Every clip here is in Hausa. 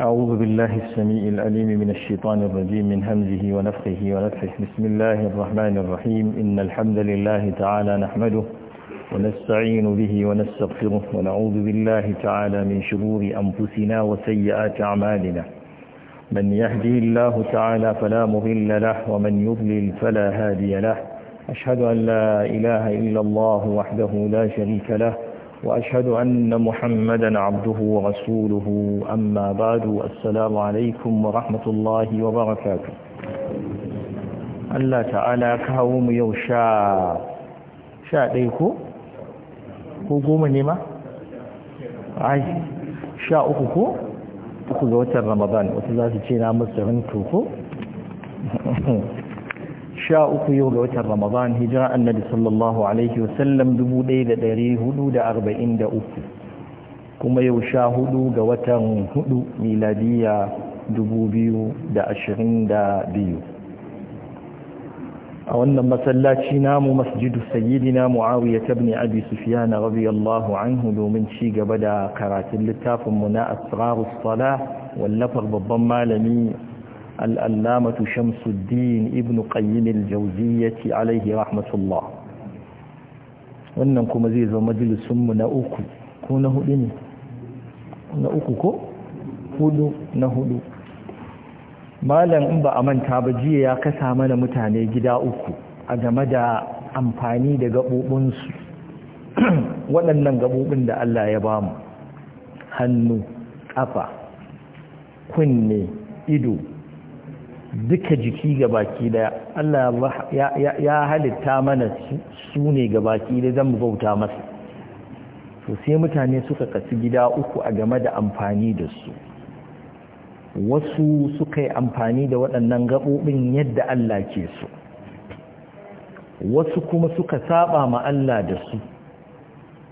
أعوذ بالله السميع العليم من الشيطان الرجيم من همزه ونفخه ونفخه بسم الله الرحمن الرحيم إن الحمد لله تعالى نحمده ونستعين به ونستغفره ونعوذ بالله تعالى من شرور أنفسنا وسيئات أعمالنا من يهدي الله تعالى فلا مضل له ومن يضلل فلا هادي له أشهد أن لا إله إلا الله وحده لا شريك له وأشهد أن محمدا عبده ورسوله أما بعد السلام عليكم ورحمة الله وبركاته Allah ta'ala kawo mu yau sha ɗaya ko? ko uku ko? ga watan ramadan wata za su ce na musulun tuko? sha uku yau ga watan ramadan hijira annabi sallallahu alaihi wasallam dubu ɗaya da ɗari hudu da arba'in da uku kuma yau sha hudu ga watan hudu miladiya dubu biyu da ashirin da biyu a wannan masallaci namu masjidu sayyidina muawiya tabni abi sufyan radiyallahu anhu domin ci gaba da karatun littafin mu na asrarus sala wallafar babban malami الألامة شمس الدين ابن قيم الجوزية عليه رحمة الله wannan kuma zai zama majalisunmu na uku na hudu malam in ba a manta ba jiya ya kasa mana mutane gida uku a game da amfani da gaɓoɓinsu waɗannan gaɓoɓin da Allah ya bamu hannu ƙafa kunne ido duka jiki ga baki daya Allah ya halitta mana su ne ga baki da zan bauta masa to sai mutane suka kasu gida uku a game da amfani da su wasu suka yi amfani da waɗannan gaɓoɓin yadda Allah ke su wasu kuma suka saba ma Allah da su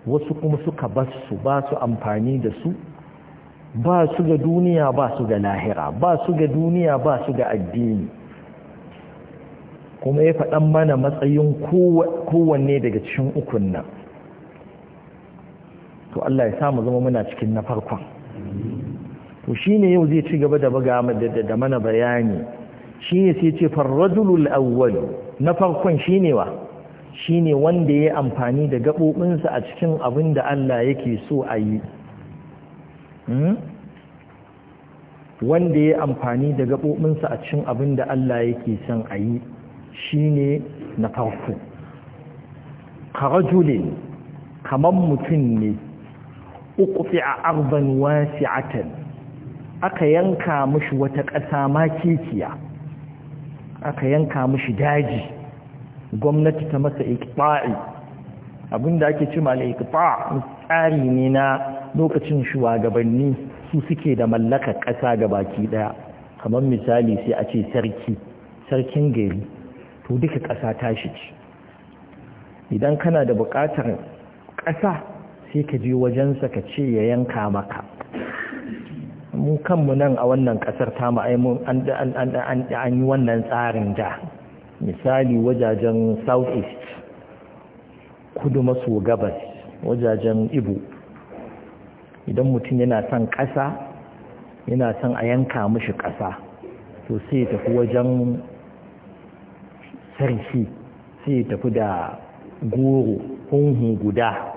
wasu kuma suka basu ba su amfani da su ba su ga duniya ba su ga lahira ba su ga duniya ba su ga addini kuma ya faɗan mana matsayin kowanne daga cikin ukun nan to Allah ya samu zama muna cikin na farkon to shine yau zai ci gaba da buga da mana bayani shine sai ce farrajulul awwal na farkon shine wa shine wanda ya amfani da gabobinsa a cikin abin da Allah yake so a yi Hmm? wanda ya amfani da gaɓoɓinsa a cikin abin da Allah yake son a yi shi ne na farko karajulin kamar mutum ne fi a arban wasi'atan aka yanka mashi wata ƙasa ma kekiya, aka yanka mashi daji gwamnati ta masa ikpa'i abinda ake cima na ikifa'i tsari ne na lokacin shugabanni su suke da mallaka ƙasa ga baki ɗaya kamar misali sai a ce sarki sarkin gari to duka ƙasa ta shi ce idan kana da buƙatar ƙasa sai ka je wajensa ka ce ya yanka maka mu kanmu nan a wannan ƙasar ta ma'aimun an yi wannan tsarin da misali wajajen south east kudu maso gabas wajajen ibo idan mutum yana son ƙasa yana son a yanka mashi ƙasa to sai ya tafi wajen sarki sai ya tafi da goro hunhun guda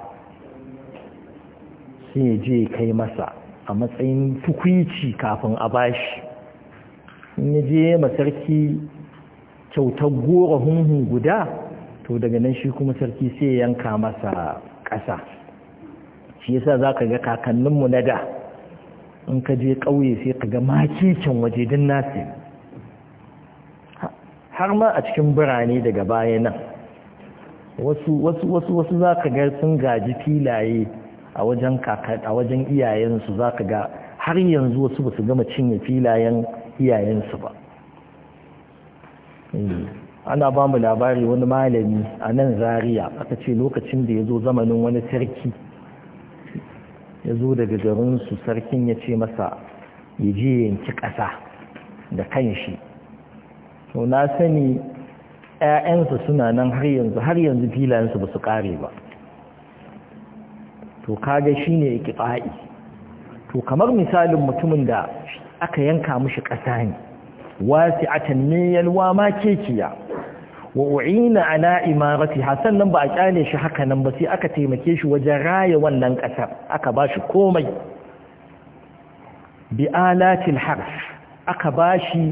sai ya je kai masa a matsayin tukwici kafin a bashi in ya je ma sarki kyautar goro hunhun guda to daga nan shi kuma sarki sai ya yanka masa ƙasa shi yasa za ka ga kakanninmu na da in ka je ƙauye sai ka ga makicin waje din nasi har ma a cikin birane daga baya nan wasu za ka ga sun gaji filaye a wajen a wajen iyayensu za ka ga har yanzu wasu ba su gama cinye filayen iyayensu ba eh. ana ba mu labari wani malami a nan zariya aka ce lokacin da ya zo zamanin wani sarki ya zo daga su sarkin ya ce masa ya je yanki ƙasa da kanshi to na sani 'ya'yansa suna nan har yanzu har yanzu filayensu ba su ƙare ba to kaga shine ikifa'i to kamar misalin mutumin da aka yanka mushi ƙasa ne a min yalwa ma kekiya wa u'ina ala imarati hasan nan ba a kyale shi haka nan ba sai aka taimake shi wajen raya wannan kasar aka ba shi komai bi alatil harf aka ba shi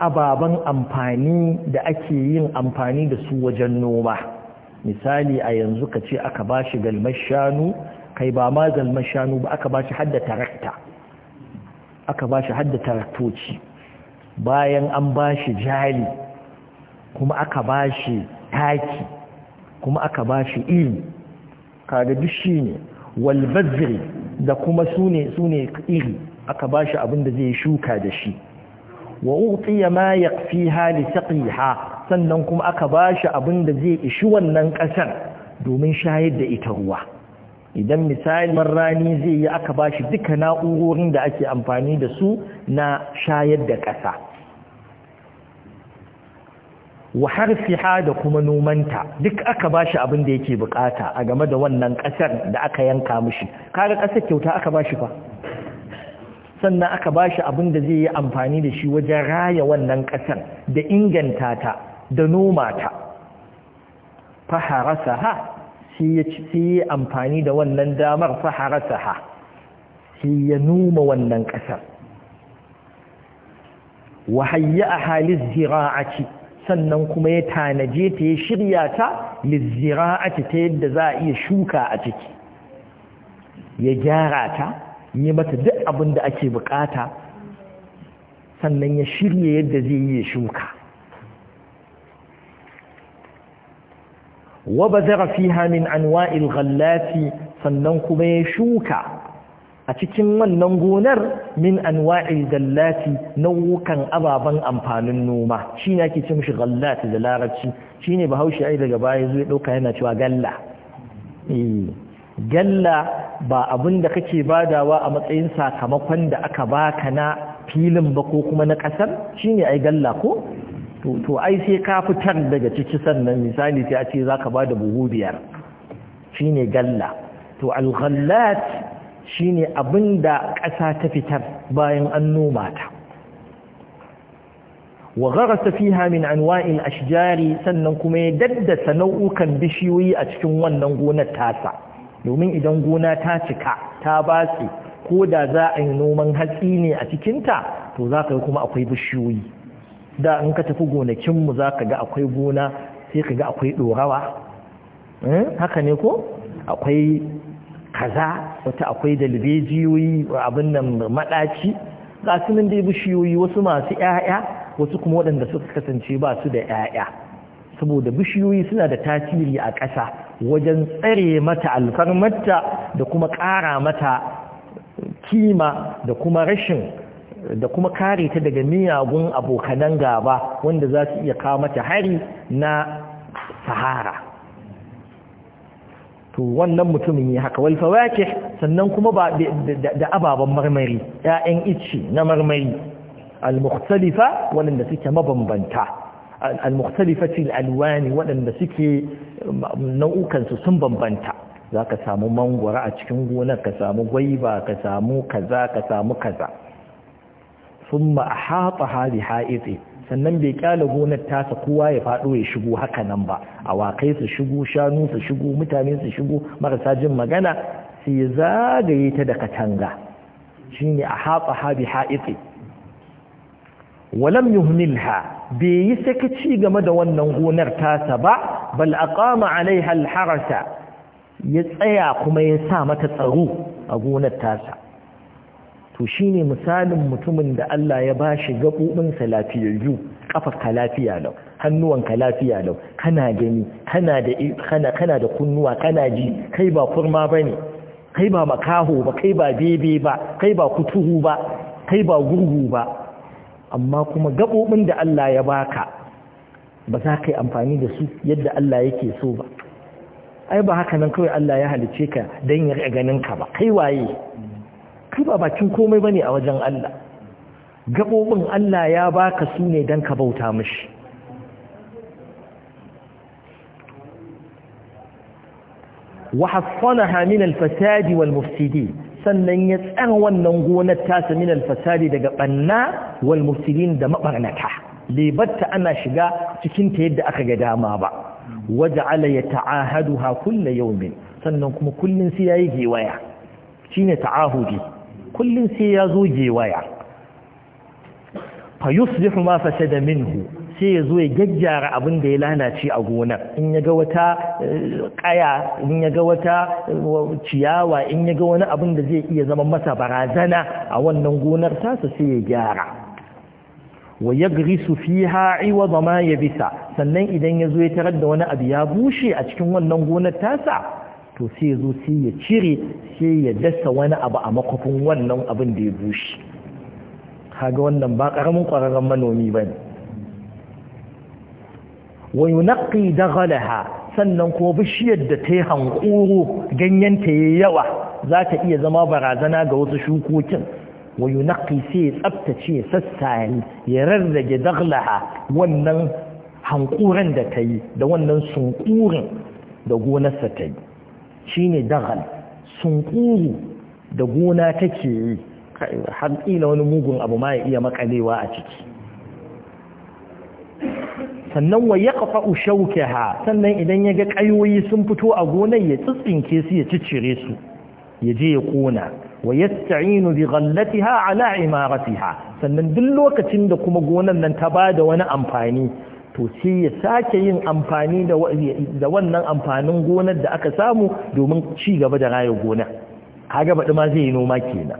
ababen amfani da ake yin amfani da su wajen noma misali a yanzu ka ce aka ba shi galmar shanu kai ba ma galmar shanu ba aka ba shi hadda tarakta aka ba shi hadda taraktoci bayan an ba shi jali kuma aka ba shi taki kuma aka ba shi iri kaga duk shi ne walbaziri da kuma sune sune iri aka ba shi abinda zai shuka da shi wa utiya ma yakfiha li ha sannan kuma aka ba shi abinda zai ishi wannan ƙasar domin shayar da ita ruwa idan misali man rani zai yi aka ba shi duka na'urorin da ake amfani da su na shayar da ƙasa wa siha da kuma nomanta duk aka ba shi abin da yake bukata a game da wannan kasar da aka yanka mushi kaga kasar kyauta aka ba shi fa sannan aka ba shi abin da zai yi amfani da shi wajen raya wannan kasar da inganta ta da noma ta faharasaha shi ya ci yi amfani da wannan damar faharasaha shi ya noma wannan kasar wa hayya a halin sannan kuma ya tanaje ta ya shirya ta ake ta yadda za a iya shuka a ciki ya gyara ta yi mata duk abin da ake bukata sannan ya shirya yadda zai yi shuka wa bazara fiha min anwa'il ghallati sannan kuma ya shuka a cikin wannan gonar min anwa'il dallati nau'ukan ababen amfanin noma shine ake ce mishi gallati da larabci shine bahaushe ai daga baya zai dauka yana cewa galla eh galla ba abin da kake badawa a matsayin sakamakon da aka baka na filin ba ko kuma na kasar shine ai galla ko to ai sai ka fitar daga ciki sannan misali sai a ce zaka bada buhu biyar shine galla to al-ghallat shine abin da ƙasa ta fitar bayan an noma ta wa gharasa fiha min anwa'il ashjari sannan kuma ya daddasa nau'ukan bishiyoyi a cikin wannan gonar tasa domin idan gona ta cika ta batse ko da za a yi noman hatsi ne a cikinta to za ka yi kuma akwai bishiyoyi da in ka tafi gonakinmu za ka ga akwai gona sai ka ga akwai ɗorawa hmm, haka ne ko akwai kaza wata akwai da libejiyoyi abin nan maɗaci ga su nan dai bishiyoyi wasu masu ‘ya'ya wasu kuma waɗanda suka kasance ba su da ‘ya'ya saboda bishiyoyi suna da tasiri a ƙasa wajen tsare mata alfarmarta da kuma ƙara mata kima da kuma rashin da kuma kare ta daga miyagun abokanan gaba wanda za su iya kawo mata hari na sahara to wannan mutumin ya haka wal fawakih sannan kuma ba da ababan marmari ƴaƴan ice na marmari al mukhtalifa wanda suke mabambanta al mukhtalifati al alwani wanda suke um, nau'ukan su sun bambanta zaka samu mangwara a cikin gonar ka samu gwaiba ka samu kaza ka samu kaza thumma ahata hadi sannan bai ƙyala gonar tasa kowa ya faɗo ya shigo haka nan ba awakai su shigo shanu su shigo mutane su shigo marasa jin magana sai yi zagaye ta da katanga ne a haɓa haɓi ha'iƙi walam ha bai yi sakaci game da wannan gonar tasa ba bal a a alaiha alharasa ya tsaya kuma ya sa mata tsaro a gonar tasa to shine misalin mutumin da Allah ya ba bashi gaɓoɓinsa lafiyayyu ka lafiya lau hannuwanka lafiya lau kana gani kana da kunnuwa kana ji kai ba kurma bane kai ba makaho ba kai ba bebe ba kai ba kutuhu ba kai ba gurgu ba amma kuma gaɓoɓin da Allah ya baka ba za ka yi amfani da su yadda Allah yake so ba ai ba haka nan kawai Allah ya halice ka don ya ganin ka ba kai waye kai ba bakin komai bane a wajen Allah gabobin Allah ya baka su ne dan ka bauta mishi wa hasanaha min al-fasadi wal mufsidi sannan ya tsara wannan gonar tasa min al-fasadi daga banna wal mufsidin da mabarnata libatta ana shiga cikin ta yadda aka ga dama ba waja'ala yata'ahaduha kullu yawmin sannan kuma kullun sai yayi gewaya shine ta'ahudi kullum sai ya zo gewaya fa yusbihu ma fasada minhu sai ya zo ya gaggyara abin da ya lalace a gonar in ya ga wata kaya eh, in ya ga wata eh, ciyawa in ya ga wani abin da zai iya zama masa barazana a wannan gonar tasa sai ya gyara wa yagrisu fiha iwada ya bisa sannan idan ya zo ya tarar da wani abu ya bushe a cikin wannan gonar tasa to sai ya zo sai ya cire sai ya dasa wani abu a makwafin wannan abin da ya bushe kaga wannan ba karamin kwararren manomi ba ne wa yunaqi daghalaha sannan kuma bishiyar da ta yi hankuru ganyenta yayi yawa za ta iya zama barazana ga wasu shukokin wa sai ya tsaftace sassayen ya rarrage daghlaha wannan hankuran da ta yi da wannan sunkurin da gonarsa ta yi shine sun sunkuru da gona take yi har wani mugun abu ma ya iya makalewa a ciki sannan wa ushauke ha? sannan idan ya ga ƙayoyi sun fito a gonar ya tsitsinke su ya ciccire su ya je ya ƙona wa sta'inu bi ghallatiha ala imaratiha sannan duk lokacin da kuma gonar nan ta da wani amfani to sai ya sake yin amfani da wannan amfanin gonar da aka samu domin ci gaba da raya gona kaga baɗi ma zai yi noma kenan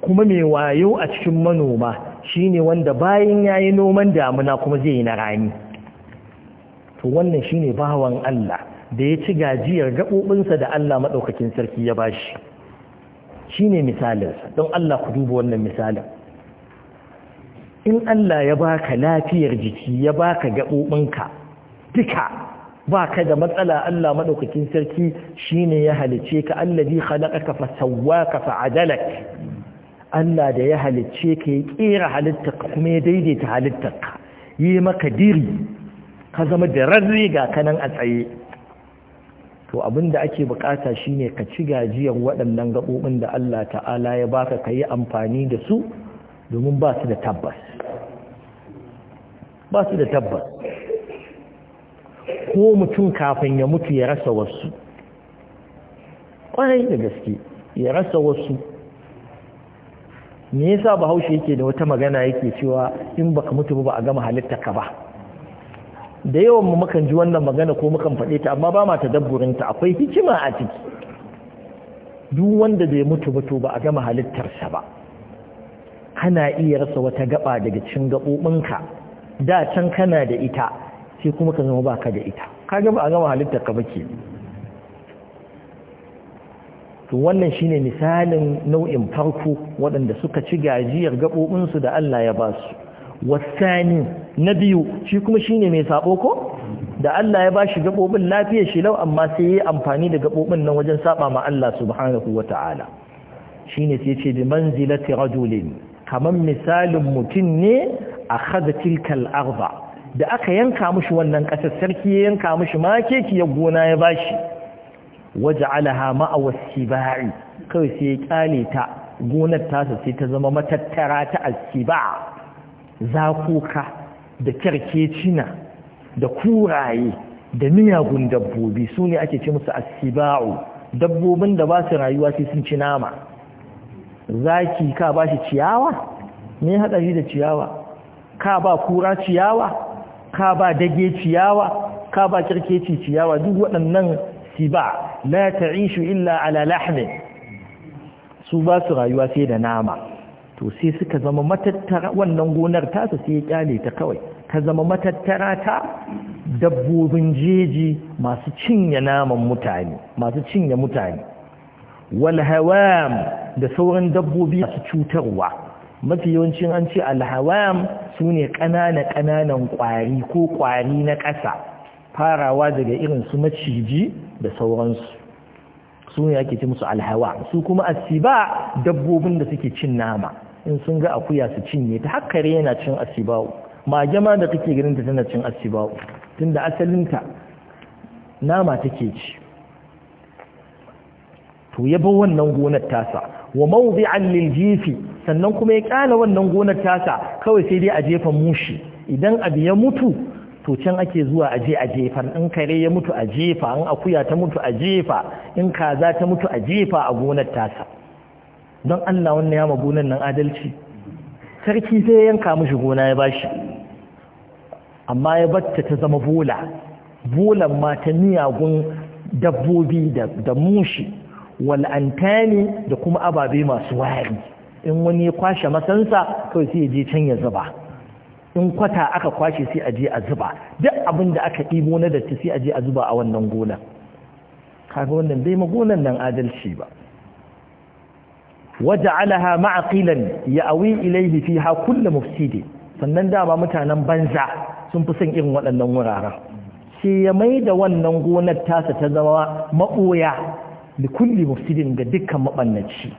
kuma mai wayo a cikin manoma shine wanda bayan yayi noman damuna kuma zai yi na rani to wannan shine bawan Allah da ya ci gajiyar gaɓoɓinsa da Allah maɗaukakin sarki ya bashi shine misalin don Allah ku duba wannan misalin in Allah ya baka lafiyar jiki ya baka gaɓoɓinka duka baka da matsala Allah maɗaukakin sarki shine ya halice ka allazi khalaqaka fa sawwaka fa adalak Allah da ya halice ka ya kera halittarka kuma ya daidaita halittarka yi maka diri ka zama da rarre ga kanan a tsaye to abinda ake bukata shine ka ci gajiyar waɗannan gaɓoɓin da Allah ta'ala ya baka ka yi amfani da su domin ba su da tabbas ba su da tabbas ko mutum kafin ya mutu ya rasa wasu ƙwarai da gaske ya rasa wasu me yasa bahaushe yake da wata magana yake cewa in baka mutu ba a gama halitta ka ba da yawan mu mukan ji wannan magana ko mukan faɗe ta amma ba ma tadabburinta akwai hikima a ciki duk wanda bai mutu ba to ba a gama halittarsa ba kana iya rasa wata gaba daga cikin gabobinka da can kana da ita sai kuma ka zama baka da ita ka gaba a gama halittar ka baki. to wannan shine misalin nau'in farko waɗanda suka ci gajiyar gaɓoɓinsu da Allah ya ba su wasani na biyu shi kuma shine mai sabo ko da Allah ya bashi gabobin lafiyar shi lau amma sai yayi amfani da gabobin nan wajen saba ma Allah subhanahu wataala shine sai yace bi manzilati rajulin kamar misalin mutum ne a haza tilkal arba da aka yanka mushi wannan ƙasar sarki ya yanka mushi keki ya gona ya bashi waje alaha ma'awassi ba'i kawai sai ya kyale ta gonar tasa sai ta zama matattara ta asiba zakuka da kyarkecina da kuraye da miyagun dabbobi su ne ake ce musu asiba'u dabbobin da ba su rayuwa sai sun ci nama zaki ka ba shi ciyawa me haɗari da ciyawa ka ba kura ciyawa ka ba dage ciyawa ka ba kirkeci ciyawa duk waɗannan siba la ta'ishu illa ala lahmin su ba su rayuwa sai da nama to sai suka zama matattara wannan gonar ta su sai ya kyale ta kawai Ka zama matattara ta dabbobin jeji masu cinye naman mutane masu cinye mutane walhawam da sauran dabbobi masu cutarwa mafi yawancin an ce alhawam su ne ƙananan-ƙananan ƙwari ko ƙwari na ƙasa farawa daga irin su maciji da sauransu su ne ake ce musu alhawa su kuma asiba dabbobin da suke cin nama in sun ga akuya su cinye ta hakkare yana cin asiba'u magema da kake ganin ta tana cin asiba'u tunda asalinta nama take ci to ya bar wannan gonar tasa wa mawdi'an lil jifi sannan kuma ya kyala wannan gonar tasa kawai sai dai a jefa mushi idan abu ya mutu to can ake zuwa a je a jefa in kare ya mutu a jefa in akuya ta mutu a jefa in kaza ta mutu a jefa a gonar tasa don Allah wannan ya ma gonar nan adalci sarki sai ya yanka mishi gona ya bashi amma ya batta ta zama bola bolan mata miyagun dabbobi da mushi wal'antani da kuma ababe masu wari in wani ya kwashe masansa kawai sai ya je can ya zuba in kwata aka kwashe sai a je a zuba duk abin da aka ɗibo na datti sai a je a zuba a wannan gonan kaga wannan bai ma gonan nan adalci ba waja'alaha ma'a qilan ya'wi ilayhi fiha kullu mufsidi sannan dama mutanen banza sun fi son irin waɗannan wuraren sai ya mai da wannan gonar tasa ta zama maɓoya da kulli mufsidin ga dukkan mabannaci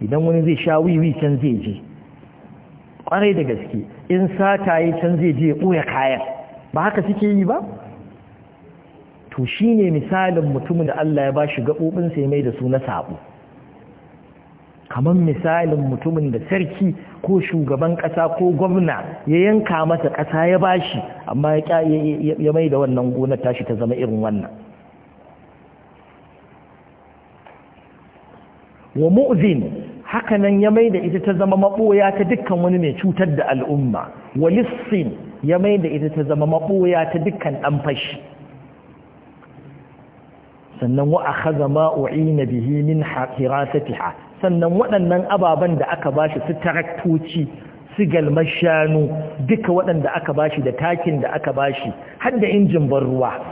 idan wani zai sha wiwi can zai je kwarai da gaske in sataye can zai je ɓoye kayan ba haka suke yi ba to shi ne misalin mutumin da Allah ya ba shi gaɓoɓin ya mai da su na saɓo kamar misalin mutumin da sarki ko shugaban ƙasa ko gwamna ya yanka masa ƙasa ya bashi amma ya mai da wannan gonar tashi ta zama irin wannan wa mu'zin hakanan ya maida ita ta zama maboya ta dukkan wani mai cutar da al'umma wa lissin ya maida ita ta zama maboya ta dukkan ɗan fashi sannan wa akhadha ma u'ina bihi min hirasatiha sannan waɗannan ababan da aka bashi su taraktoci su galmar shanu duka waɗanda aka bashi da takin da aka bashi har da injin ban ruwa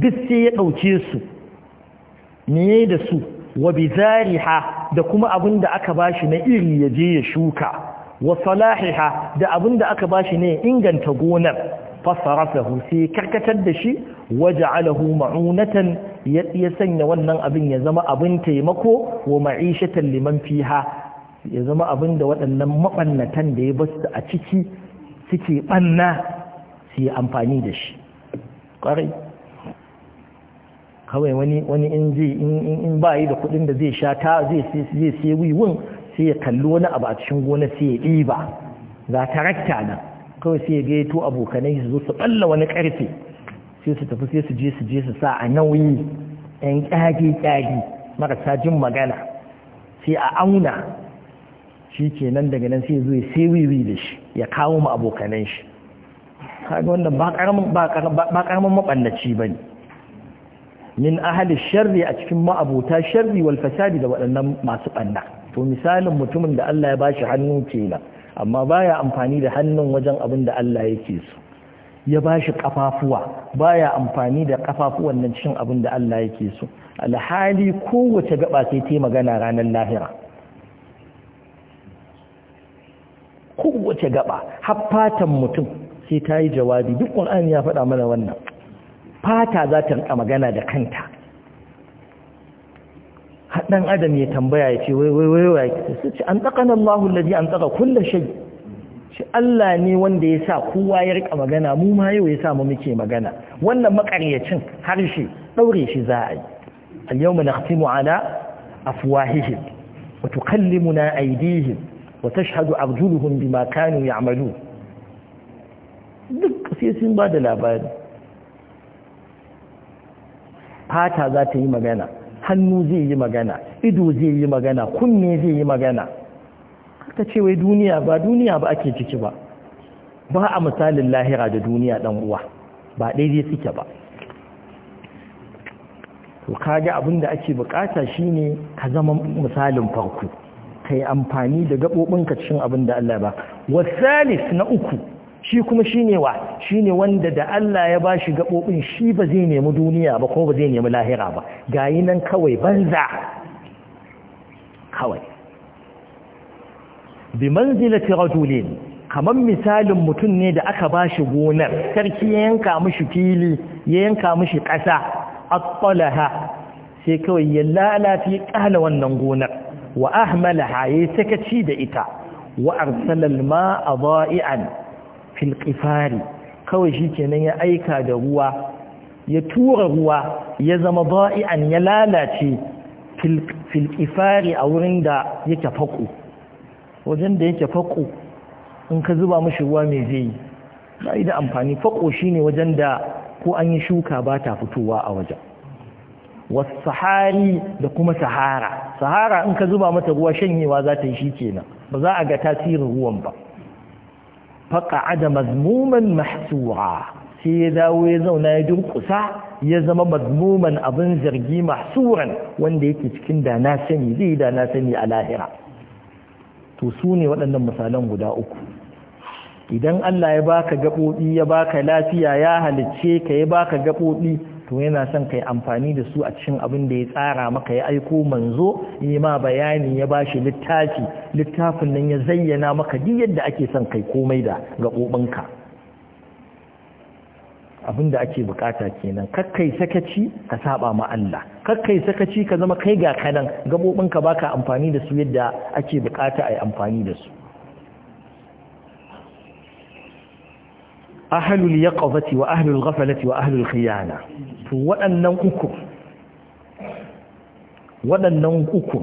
duk sai ya ɗauke su ne da su wa zariha da kuma abin da aka bashi na iri ya je ya shuka wa salahiha da abin da aka bashi ne inganta gonar fasarafahu sai karkatar da shi waja'alahu ma'unatan ya sanya wannan abin ya zama abin taimako wa ma'ishatan liman fiha ya zama abin da waɗannan mabannatan da ya basu a ciki suke banna su yi amfani da shi ƙwarai kawai wani wani in ji in ba yi da kuɗin da zai sha ta zai zai sai wiwin sai ya kallo wani abu a cikin gona sai ya ɗiba za ta rakta nan kawai sai ya gaito abokanai su zo su ɓalla wani ƙarfe sai su tafi sai su je su je su sa a nauyi ɗan ƙage ƙyage marasa jin magana sai a auna shi ke nan daga nan sai ya sai wiwi da shi ya kawo mu abokanan shi kaga wannan ba ƙaramin maɓallaci ba ne min ahalin sharri a cikin ma'abuta sharri wal fasadi da waɗannan masu ɓanna to misalin mutumin da Allah ya bashi hannu kenan amma baya amfani da hannun wajen abin da Allah yake so ya bashi kafafuwa baya amfani da kafafuwan nan cikin abin da Allah yake so alhali kowace gaba sai ta magana ranar lahira kowace gaba haffatan mutum sai ta yi jawabi duk ƙul'an ya faɗa mana wannan fata za ta rika magana da kanta haɗin adam ya tambaya ya ce wai wai wai wai su ce an tsakanin nan mahu an tsaka kulle shai shi Allah ne wanda ya sa kowa ya rika magana mu ma yau ya sa mu muke magana wannan makaryacin harshe ɗaure shi za a yi al-yawma ala afwahihim wa tukallimuna aydihim wa tashhadu bi bima kanu amalu duk sai sun ba da labari fata za ta yi magana hannu zai yi magana ido zai yi magana kunne zai yi magana ta ce wai duniya ba duniya ba ake ciki ba ba a misalin lahira da duniya dan uwa ba daidai suke ba to kage abin da ake bukata shine ka zama misalin farko ka yi amfani da gabobinka cikin abin da Allah ba wasalis na uku shi kuma ne wa shine wanda da Allah ya ba shi gaɓoɓin shi ba zai nemi duniya ba ko ba zai nemi lahira ba gayi nan kawai banza kawai bi manzilati rajulin kamar misalin mutum ne da aka ba shi gonar sarki ya yanka mishi fili ya yanka mishi ƙasa aqalaha sai kawai ya ya ƙala wannan gonar wa ahmalaha yayi sakaci da ita wa arsala al-ma'a dha'i'an filƙifari qifari kawai kenan ya aika da ruwa ya tura ruwa ya zama ba'i'an ya lalace filƙifari a wurin da yake faku wajen da yake faku in ka zuba mashi ruwa me zai yi ba da amfani faƙo shine wajen da ko an yi shuka ba ta fitowa a wajen wasu sahari da kuma sahara sahara in ka zuba mata ruwa shanyewa za ta yi shi kenan ba za a ga tasirin ruwan ba da mazmuman mahsura sai ya dawo ya zauna ya durƙusa ya zama mazmuman abin zargi mahsuran wanda yake cikin da na sani zai da na sani a lahira to su ne waɗannan misalan guda uku idan Allah ya baka gaɓoɓi ya baka lafiya ya halicce ka ya baka gaɓoɓi to yana son kai amfani da su a cikin abin da ya tsara maka ya aiko manzo yi ma bayani ya bashi littafi littafin nan ya zayyana maka duk yadda ake son kai komai da gaɓoɓinka abin da ake bukata kenan kakkai sakaci ka saba ma Allah kakkai sakaci ka zama kai ga kanan gaɓoɓinka baka amfani da su yadda ake bukata a yi amfani da su ahlul yaqazati wa ahlul ghaflati wa ahlul khiyana to waɗannan uku wadannan uku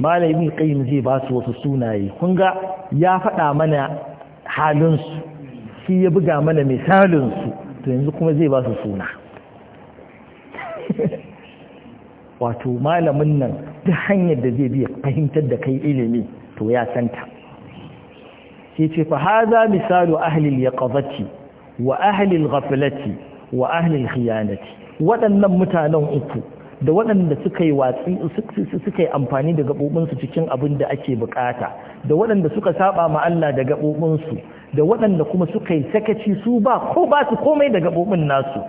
malai ibn qayyim zai ba su wasu sunaye kun ga ya faɗa mana halin su shi ya buga mana misalin su to yanzu kuma zai ba su suna wato malamin nan duk hanyar da zai bi fahimtar da kai ilimi to ya santa sai ce fa haza misalu ahlil yaqazati wa ahlil ghaflati wa ahlil khiyanati waɗannan mutanen uku da waɗanda suka yi watsi suka yi amfani da gaɓoɓinsu cikin abin da ake bukata da waɗanda suka saba ma Allah da gaɓoɓinsu da waɗanda kuma suka yi sakaci su ba ko ba su komai da gaɓoɓin nasu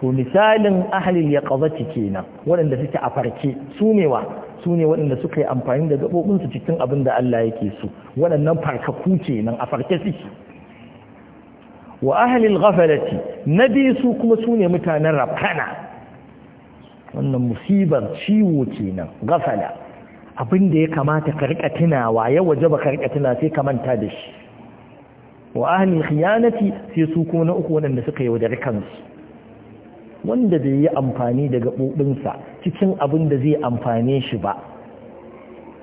to misalin ahlil yaqazati kenan waɗanda suke a farke su ne wa su ne waɗanda suka yi amfani da gaɓoɓinsu cikin abin da Allah yake so waɗannan farkaku ce nan a farke suke wa ahalil ghafalati na biyu su kuma su ne mutanen rafana wannan musibar ciwo ce nan ghafala abin da ya kamata ka tunawa ya waje ba ka sai ka manta da shi wa ahalil khiyanati sai su kuma na uku waɗanda suka yi wa kansu wanda bai yi amfani da gaɓoɓinsa cikin abin da zai amfane shi ba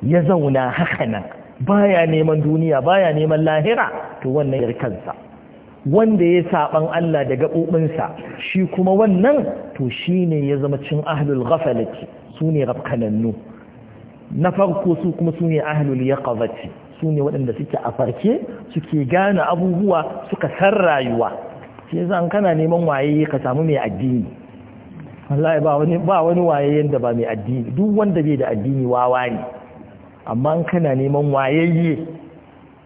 ya zauna haka nan baya neman duniya baya neman lahira to wannan kansa wanda ya saban Allah da gaɓoɓinsa shi kuma wannan to shi ya zama cin ahlul ghafalati su ne na farko su kuma su ne ahlul yaqazati su ne waɗanda suke a farke suke gane abubuwa suka san rayuwa sai zan kana neman waye ka samu mai addini wallahi ba wani ba wani wayayyen da ba mai addini duk wanda bai da addini wawa ne amma in kana neman wayayye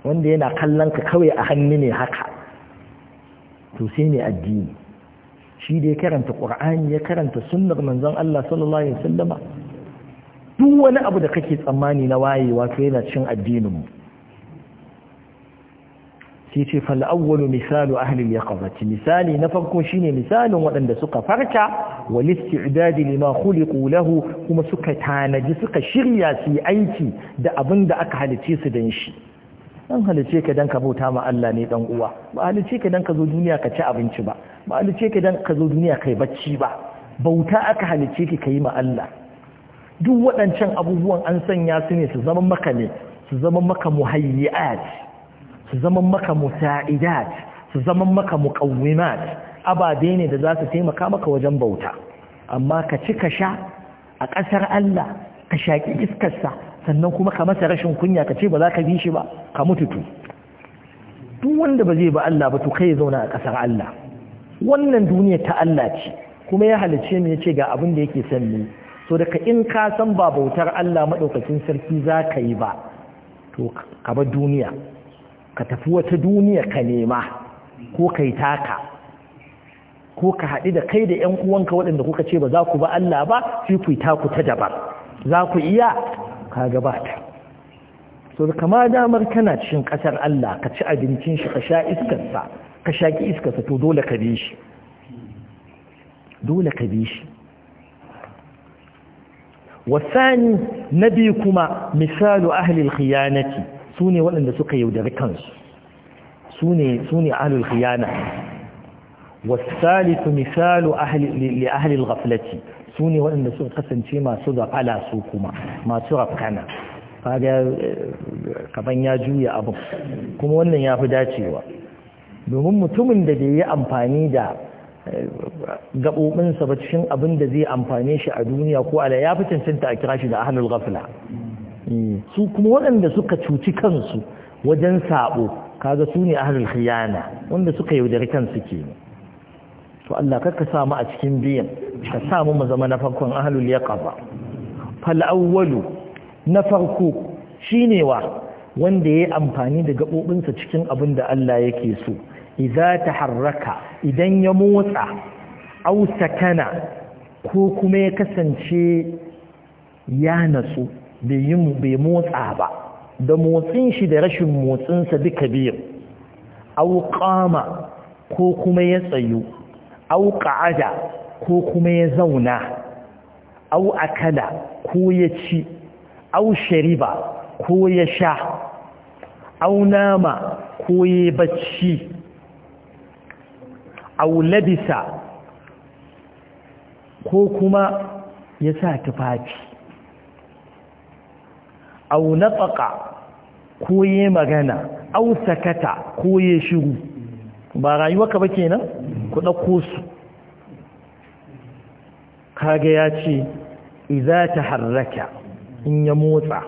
wanda yana kallon ka kawai a hannu ne haka to sai ne addini shi da ya karanta qur'ani ya karanta sunnar manzon Allah sallallahu alaihi wasallama duk wani abu da kake tsammani na wayewa to yana cin mu sai ce fal'awwalu misalu ya yaqazati misali na farko shine misalin waɗanda suka farka wal isti'dad lima khuliqu lahu kuma suka tanaji suka shirya su yi aiki da abinda aka halice su dan shi an halice ka dan ka bauta ma Allah ne dan uwa ba halice ka dan ka zo duniya ka ci abinci ba ba halice ka dan ka zo duniya kai bacci ba bauta aka halice ki kai ma Allah duk waɗancan abubuwan an sanya su ne su zama maka ne su zama maka muhayyiyat su zaman maka musa'idat su zaman maka muqawwimat ababe ne da za su taimaka maka wajen bauta amma ka ci ka sha a ƙasar Allah ka shaƙi iskarsa sannan kuma ka masa rashin kunya ka ce ba za ka bi shi ba ka mutu tu duk wanda ba zai ba Allah ba to kai ya zauna a ƙasar Allah wannan duniya ta Allah ce kuma ya halicce mu ya ce ga abin da yake son mu so daga in ka san ba bautar Allah maɗaukacin sarki za ka yi ba to ka bar duniya ka tafi wata duniya ka nema ko kai taka ko ka haɗu da kai da 'yan uwanka waɗanda kuka ce ba za ku ba Allah ba sai ku yi taku ta daban za ku iya ka gabata so kama damar kana cikin ƙasar Allah ka ci abincin shi ka sha iskarsa ka shaƙi iskarsa to dole ka bi shi dole ka bi shi wasani na kuma misalu ahlil khiyanati su ne waɗanda suka yaudari kansu su ne su ne ahlul khiyana والثالث misalu أهل لأهل الغفلة su ne waɗanda suka kasance masu على su kuma masu kaga eh, kaban ya juya abin kuma wannan ya fi dacewa domin mutumin da bai yi amfani da eh, gaɓoɓinsa ba cikin abin da zai amfane shi a duniya ko ala ya fi cancanta a kira shi da ahlul ghafla Eh. su kuma waɗanda suka cuci kansu wajen sabo kaga su ne ahlul khiyana wanda suka yaudari kansu ke to Allah ka sa mu a cikin biyan ka sa mu zama na farkon ahlul yaqaba fal awwalu na farko shine wa wanda yayi amfani da gabobinsa cikin abin da Allah yake so idza taharraka idan ya motsa aw sakana ko kuma ya kasance ya natsu bai motsa ba da motsin shi da rashin motsinsa duka biyu auƙama ko kuma ya tsayu auƙa'ada ko kuma ya zauna au akala ko ya ci au shariba ko ya sha au nama ko ya bacci au labisa ko kuma ya sa tufafi au natsaqa ko yi magana au sakata ko yi shiru ba rayuwa ka ba kenan ku ɗauko su kage ya ce idza ta harraka in ya motsa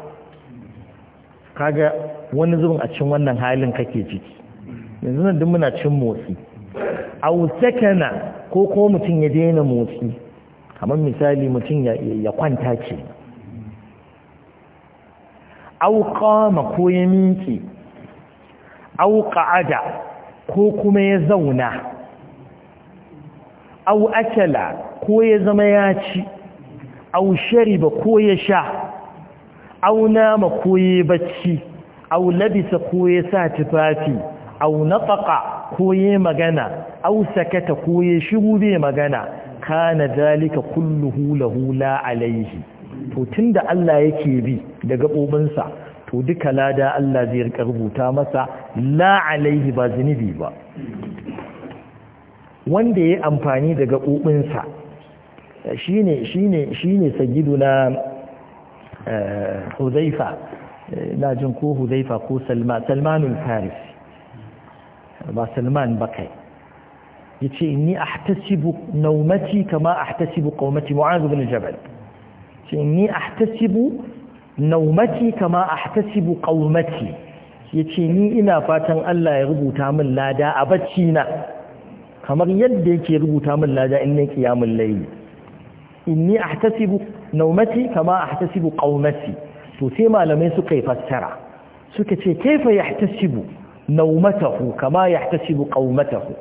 kaga wani zubin a cikin wannan halin kake ciki yanzu nan duk muna cin motsi au sakana ko ko mutum ya daina motsi kamar misali mutum ya kwanta ce au ko ya miƙe au qa'ada ko kuma ya zauna au akala ko ya zama ya ci au shariba ko ya sha au nama ko ya bacci au labisa ko ya sa tufafi au nafaqa ko ya magana au sakata ko ya shiru bai magana kana zalika kulluhu lahu la alaihi to tun da Allah yake bi da gabobinsa to duka lada Allah zai rika rubuta masa la alaihi ba zunubi ba wanda ya amfani da gaɓoɓinsa shine shine shine eh, Huzaifa eh, ko Huzaifa ko Salman Salmanul Faris ba Salman ba kai yace inni ahtasibu nawmati kama ahtasibu qawmati Mu'adh ibn Jabal ce ni ahtasibu naumati kama ahtasibu ya yace ni ina fatan Allah ya rubuta min lada a bacci na kamar yadda yake rubuta min lada in ne kiyamul layli inni ahtasibu naumati kama ahtasibu qaumati to sai malamai suka yi fassara suka ce kaifa yahtasibu naumatahu kama yahtasibu ƙaumatahu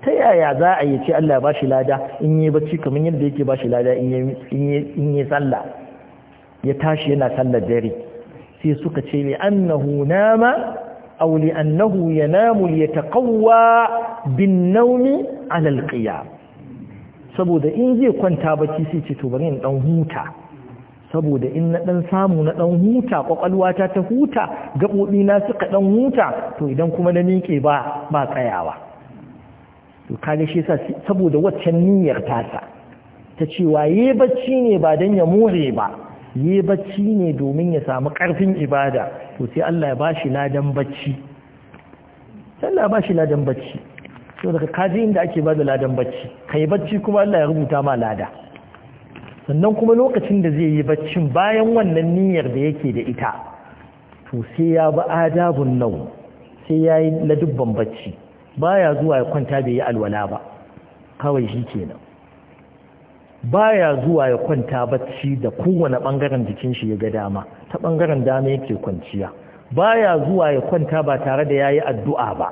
ta yaya za a yi ce Allah ba shi lada in yi bacci kamar yadda yake ba shi lada in yi sallah ya tashi yana tsallar dare sai suka ce mai annahu nama aure annahu annahu ya ya yataqawwa bin nauni alalƙiya saboda in zai kwanta bacci sai ce to bari in dan huta saboda in na ɗan samu na ɗan huta kwakwalwata ta huta gaɓoɓi na suka ɗan huta to idan kuma na miƙe ba ba tsayawa to kaga shi yasa saboda waccan niyyar tasa ta cewa yi bacci ne ba dan ya more ba yi bacci ne domin ya samu karfin ibada to sai Allah ya bashi ladan bacci Allah ya bashi ladan bacci to daga kaji inda ake bada ladan bacci kai bacci kuma Allah ya rubuta ma lada sannan kuma lokacin da zai yi baccin bayan wannan niyyar da yake da ita to sai ya ba adabun nau sai yayi ladubban bacci baya zuwa ya kwanta bai yi alwala ba kawai shi kenan baya zuwa ya kwanta bacci da kowane bangaren jikin shi ya ga dama ta bangaren dama yake kwanciya baya zuwa ya kwanta ba tare da yayi addu'a ba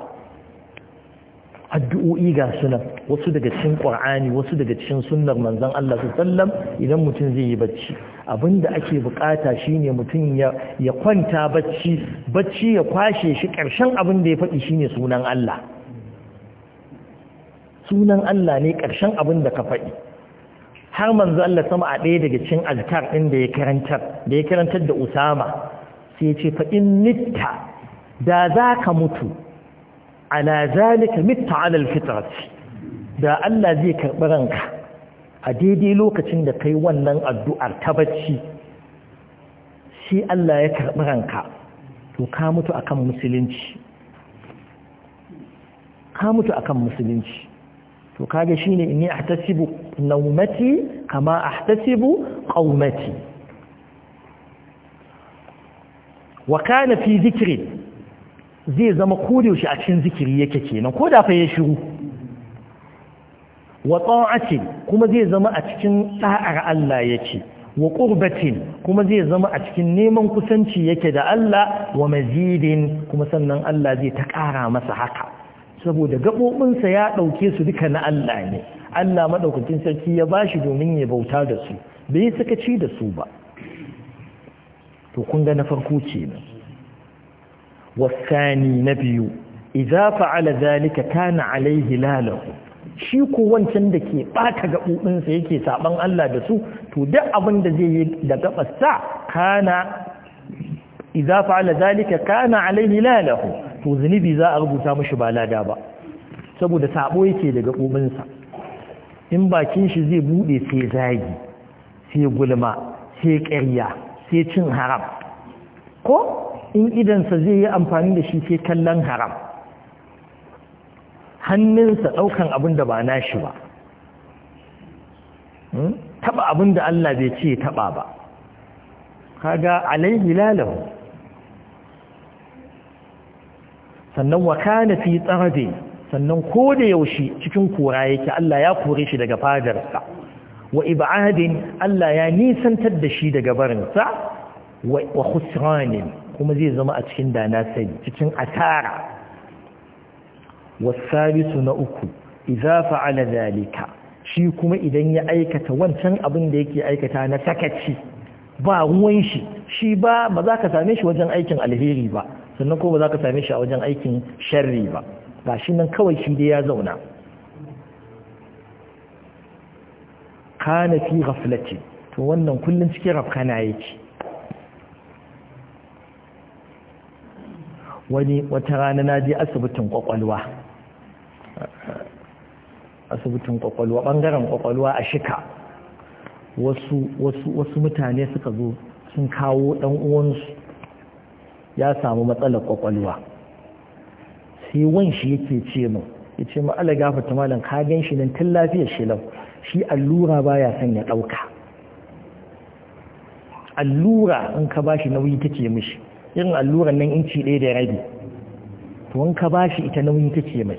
addu'o'i ga sunan wasu daga cikin qur'ani wasu daga cikin sunnar manzon Allah sallallahu idan mutum zai yi bacci abinda ake bukata shine mutum ya ya kwanta bacci bacci ya kwashe shi karshen abinda ya faɗi shine sunan Allah sunan Allah ne ƙarshen abin da ka faɗi har manzo Allah sama a ɗaya daga cikin azkar ɗin da ya karantar da ya karantar da Usama sai ya ce fa in nitta da za ka mutu ala zalika mitta ala alfitrati da Allah zai karɓi ranka a daidai lokacin da kai wannan addu'ar ta bacci shi Allah ya karɓi ranka to ka mutu akan musulunci ka mutu akan musulunci to kaga shine inni ahtasibu naumati kama ahtasibu qaumati wa kana fi dhikri zai zama shi a cikin zikiri yake kenan ko da fa ya shiru wa ta'ati kuma zai zama a cikin sa'ar Allah yake wa qurbatin kuma zai zama a cikin neman kusanci yake da Allah wa mazidin kuma sannan Allah zai ta ƙara masa haka saboda gaɓoɓinsa ya ɗauke su duka na Allah ne Allah maɗaukacin sarki ya ba shi domin ya bauta da su bai yi sakaci da su ba to kun ga na farko ce ne wasani na biyu idza fa'ala zalika kana alaihi lalahu shi ko wancan da ke ɓata gaɓoɓinsa yake saban Allah da su to duk abin da zai yi da gaɓarsa kana idza fa'ala zalika kana alaihi lalahu to zunubi za a rubuta mashi ba lada ba saboda sabo yake daga ƙominsa in bakin shi zai buɗe sai zagi sai gulma sai ƙarya sai cin haram ko in idansa zai yi amfani da shi sai kallon haram hannunsa ɗaukan abin da ba nashi ba hmm? taɓa abin da Allah bai ce taɓa ba kaga alaihi lalahu sannan wa kana fi tsarade sannan ko da yaushe cikin kora yake Allah ya kore shi daga fadarsa wa ib'adin Allah ya nisantar da shi daga barinsa wa khusranin kuma zai zama a cikin dana sani cikin asara wasabisu na uku idza fa'ala zalika shi kuma idan ya aikata wancan abin da yake aikata na sakaci ba ruwan shi shi ba ba za ka same shi wajen aikin alheri ba sannan ko ba za ka same shi a wajen aikin sharri ba ga shi nan kawai shi dai ya zauna kana fi ghaflati to wannan kullun cikin rafkana yake wani wata rana na je asibitin kwakwalwa asibitin kwakwalwa bangaren kwakwalwa a shika wasu mutane suka zo sun kawo dan uwansu ya samu matsalar kwakwalwa sai wan shi yake ce mu ya ce mu ala gafata malam ka gan shi nan tun lafiyar shi lau shi allura baya son ya ɗauka allura in ka ba shi nauyi ta take mishi irin allura nan inci ɗaya da rabi to in ka ba shi ita nauyi ta ce mai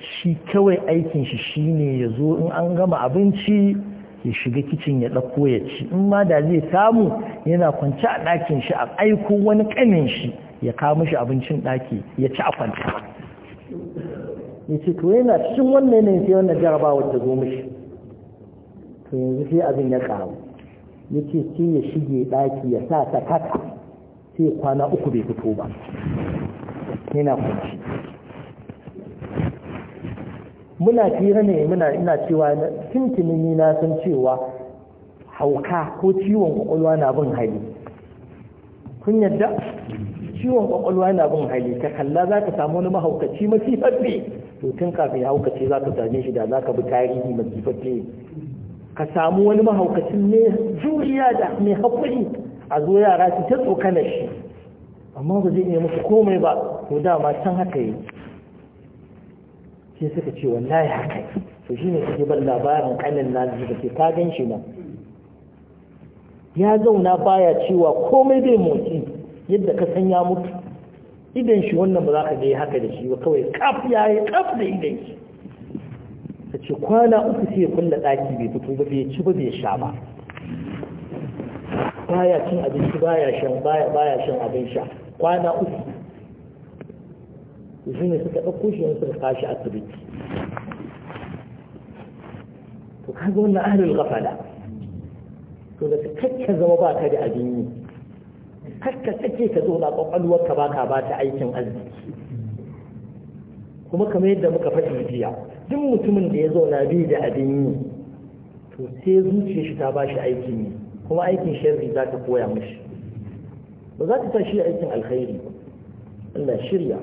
shi kawai aikin shi shine ya zo in an gama abinci ya shiga kicin ya ɗauko ya ci in ma da zai samu yana kwanci a ɗakin shi a aiko wani ƙanin shi ya kawo shi abincin ɗaki ya ci a kwanci ya ce to yana cikin wannan yanayin sai wannan jarabawa ta zo mishi to yanzu sai abin ya ƙaru ya ce sai ya shige ɗaki ya sa ta kata sai kwana uku bai fito ba yana kwanci muna fira ne muna ina cewa tuntunin na san cewa hauka ko ciwon kwakwalwa na bin hali kun yadda ciwon kwakwalwa na bin hali ta kalla za ka samu wani mahaukaci fadde to tun kafin ya za ka same shi da za ka bi tarihi fadde ka samu wani mahaukacin mai juriya da mai haƙuri a zo yara su ta tsokana shi amma ba zai iya musu komai ba to dama can haka yi sai suka ce wallahi haka to shine suke ban labarin kanin na da suka ce ka gan shi nan ya zauna baya cewa komai bai motsi yadda ka san ya mutu idan shi wannan ba za ka ga haka da shi ba kawai kaf ya yi kaf da idan shi ta ce kwana uku sai ya kulla ɗaki bai fito ba bai ci ba bai sha ba baya cin abinci baya shan baya baya shan abin sha kwana uku shi ne suka ɗauko shi suka kashi asibiti to kaga wannan ahlul da. to da kakka zama ba ka da abin yi kakka sake ka zo na kwakwalwarka ba ka ba ta aikin arziki kuma kamar yadda muka faɗi jiya duk mutumin da ya zauna bi da abin yi to sai zuciyar shi ta ba shi aikin yi kuma aikin sharri za ta koya mashi ba za ta sa shi aikin alkhairi Allah shirya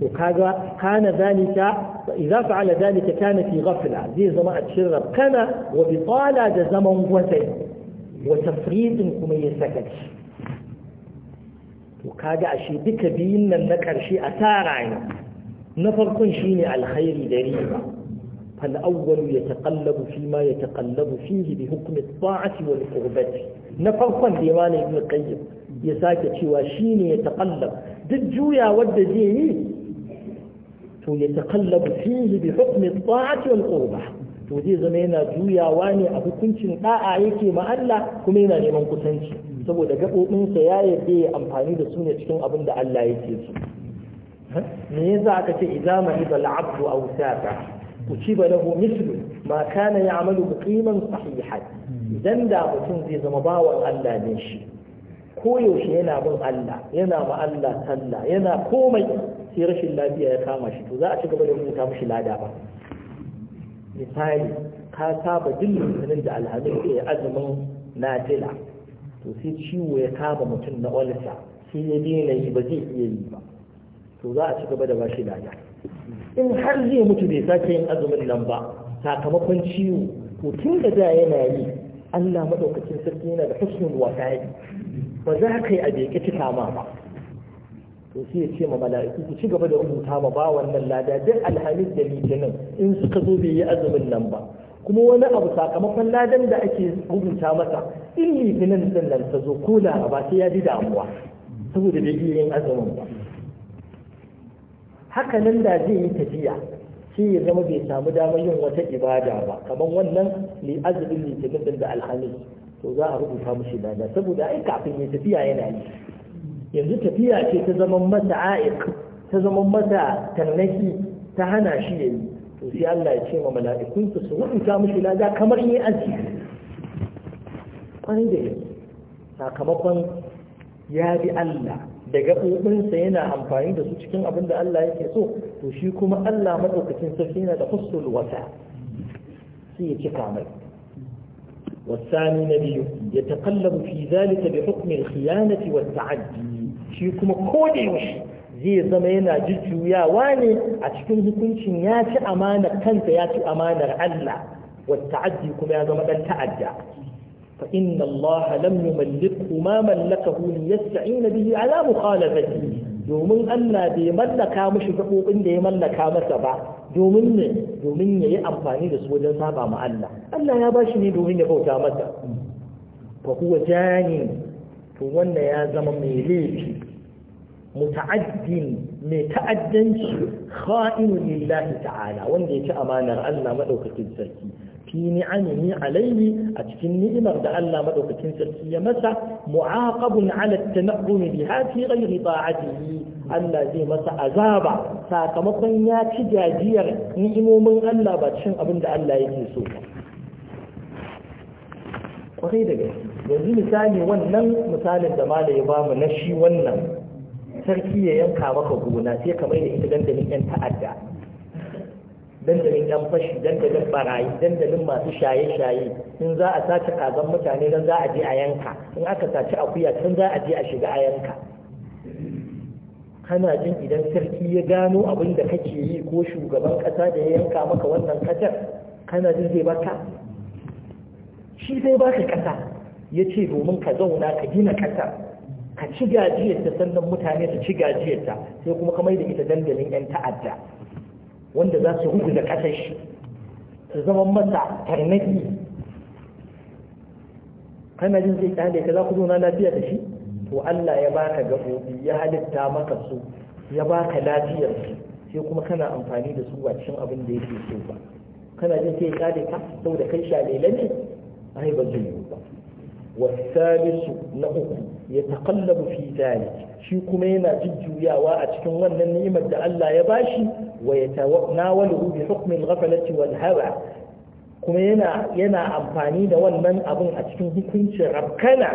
to kaga kana zalika idza fa'ala zalika kana fi ghafla zai zama a cikin rabkana wa bitala da zaman gwatai وتفريط كما يسكت وكاد أشي بك بيين من نكر شيء أتارعين نفرق شيني الخير دريبا فالأول يتقلب فيما يتقلب فيه بحكم الطاعة والقربة نفرقا ديوان ابن القيم يساك شوى شيني يتقلب ود ودزيني يتقلب فيه بحكم الطاعة والقربة to zai zama yana juyawa ne a hukuncin da'a yake ma Allah kuma yana neman kusanci saboda gaɓoɓinsa ya yarda ya amfani da su ne cikin abin da Allah yake su. me yasa aka ce idza ma ibal abdu aw safa uciba lahu mislu ma kana ya'malu muqiman sahihan idan da mutum zai zama bawan Allah ne shi koyaushe yana bin Allah yana ma Allah sallah yana komai sai rashin lafiya ya kama shi to za a ci gaba da rubuta mishi lada ba misali ka saba duk litinin da alhamis ke azumin najila to sai ciwo ya kama mutum na olsa sai ya daina yi ba zai iya yi ba to za a ci gaba da bashi lada in har zai mutu bai sake yin azumin nan ba sakamakon ciwo to tun da da yana yi Allah maɗaukacin sarki yana da husnul wasai ba za ka yi a bai ma ba to sai ya ce ma mala'iku ku ci gaba da rubuta ma ba wannan lada duk alhamis da litinin in suka zo bai yi azumin nan ba kuma wani abu sakamakon ladan da ake rubuta masa in litinin din nan ta zo ko laraba sai ya ji damuwa saboda bai iya yin azumin ba haka nan da zai yi tafiya sai ya zama bai samu damar yin wata ibada ba kamar wannan ne azumin litinin din da alhamis to za a rubuta mushi lada saboda ai kafin ya tafiya yana yi yanzu tafiya ce ta zaman mata a'iq ta zaman mata tarnaki ta hana shi yayi to sai Allah ya ce ma mala'ikunsa su rubuta mishi lada kamar in yi azumi kwarai da yau sakamakon ya bi Allah da gaɓoɓinsa yana amfani da su cikin abin da Allah yake so to shi kuma Allah maɗaukacin sarki yana da hussul wata sai ya cika mai والثاني نبي يتقلب في ذلك بحكم الخيانة والتعدي shi kuma ko zai zama yana jujjuyawa ne a cikin hukuncin ya ci amanar kansa ya ci amanar Allah wa ta'addi kuma ya zama dan ta'adda fa inna Allah lam yumallikhu ma mallakahu liyasta'ina bihi ala mukhalafatihi domin Allah bai mallaka mishi gaɓoɓin da ya mallaka masa ba domin ne domin ya yi amfani da su wajen saba ma Allah Allah ya bashi ne domin ya bauta masa fa huwa jani to wanda ya zama mai laifi muta'addin mai ta'addanci kha'inu lillahi ta'ala wanda ya ci amanar Allah madaukakin sarki fi ni'amihi alaihi a cikin ni'imar da Allah madaukakin sarki ya masa mu'aqabun ala at-tanqum biha fi ghairi ta'atihi Allah zai masa azaba sakamakon ya ci jajiyar ni'imomin Allah ba cikin abin da Allah yake so ba kwarai da gaske yanzu misali wannan misalin da mala ya ba mu na shi wannan sarki ya yanka maka gona sai ka mai da ita dandalin yan ta'adda dandalin yan fashi dandalin barayi dandalin masu shaye-shaye in za a sace kazan mutane don za a je a yanka in aka sace akuya tun za a je a shiga a yanka kana jin idan sarki ya gano abin da kake yi ko shugaban kasa da ya yanka maka wannan kasar kana jin zai baka shi zai baka kasa ya ce domin ka zauna ka gina ƙasar ka ci gajiyarta sannan mutane su ci gajiyarta sai kuma ka mai da ita dandalin 'yan ta'adda wanda za su rubuta ƙasar shi su zama masa tarnaki kana jin zai kyale ka za ku zauna lafiya da shi to Allah ya baka gaɓoɓi ya halitta maka su ya baka lafiyar su sai kuma kana amfani da su wacin cikin abin da yake so ba kana jin sai kyale ka saboda kai shalele ne ai ba zai yi ba والثالث نأكل يتقلب في ذلك shi kuma yana jujjuyawa a cikin wannan ni'imar da Allah ya bashi wa ya tanawalu hukmin ghaflati wal kuma yana yana amfani da wannan abin a cikin hukuncin rabkana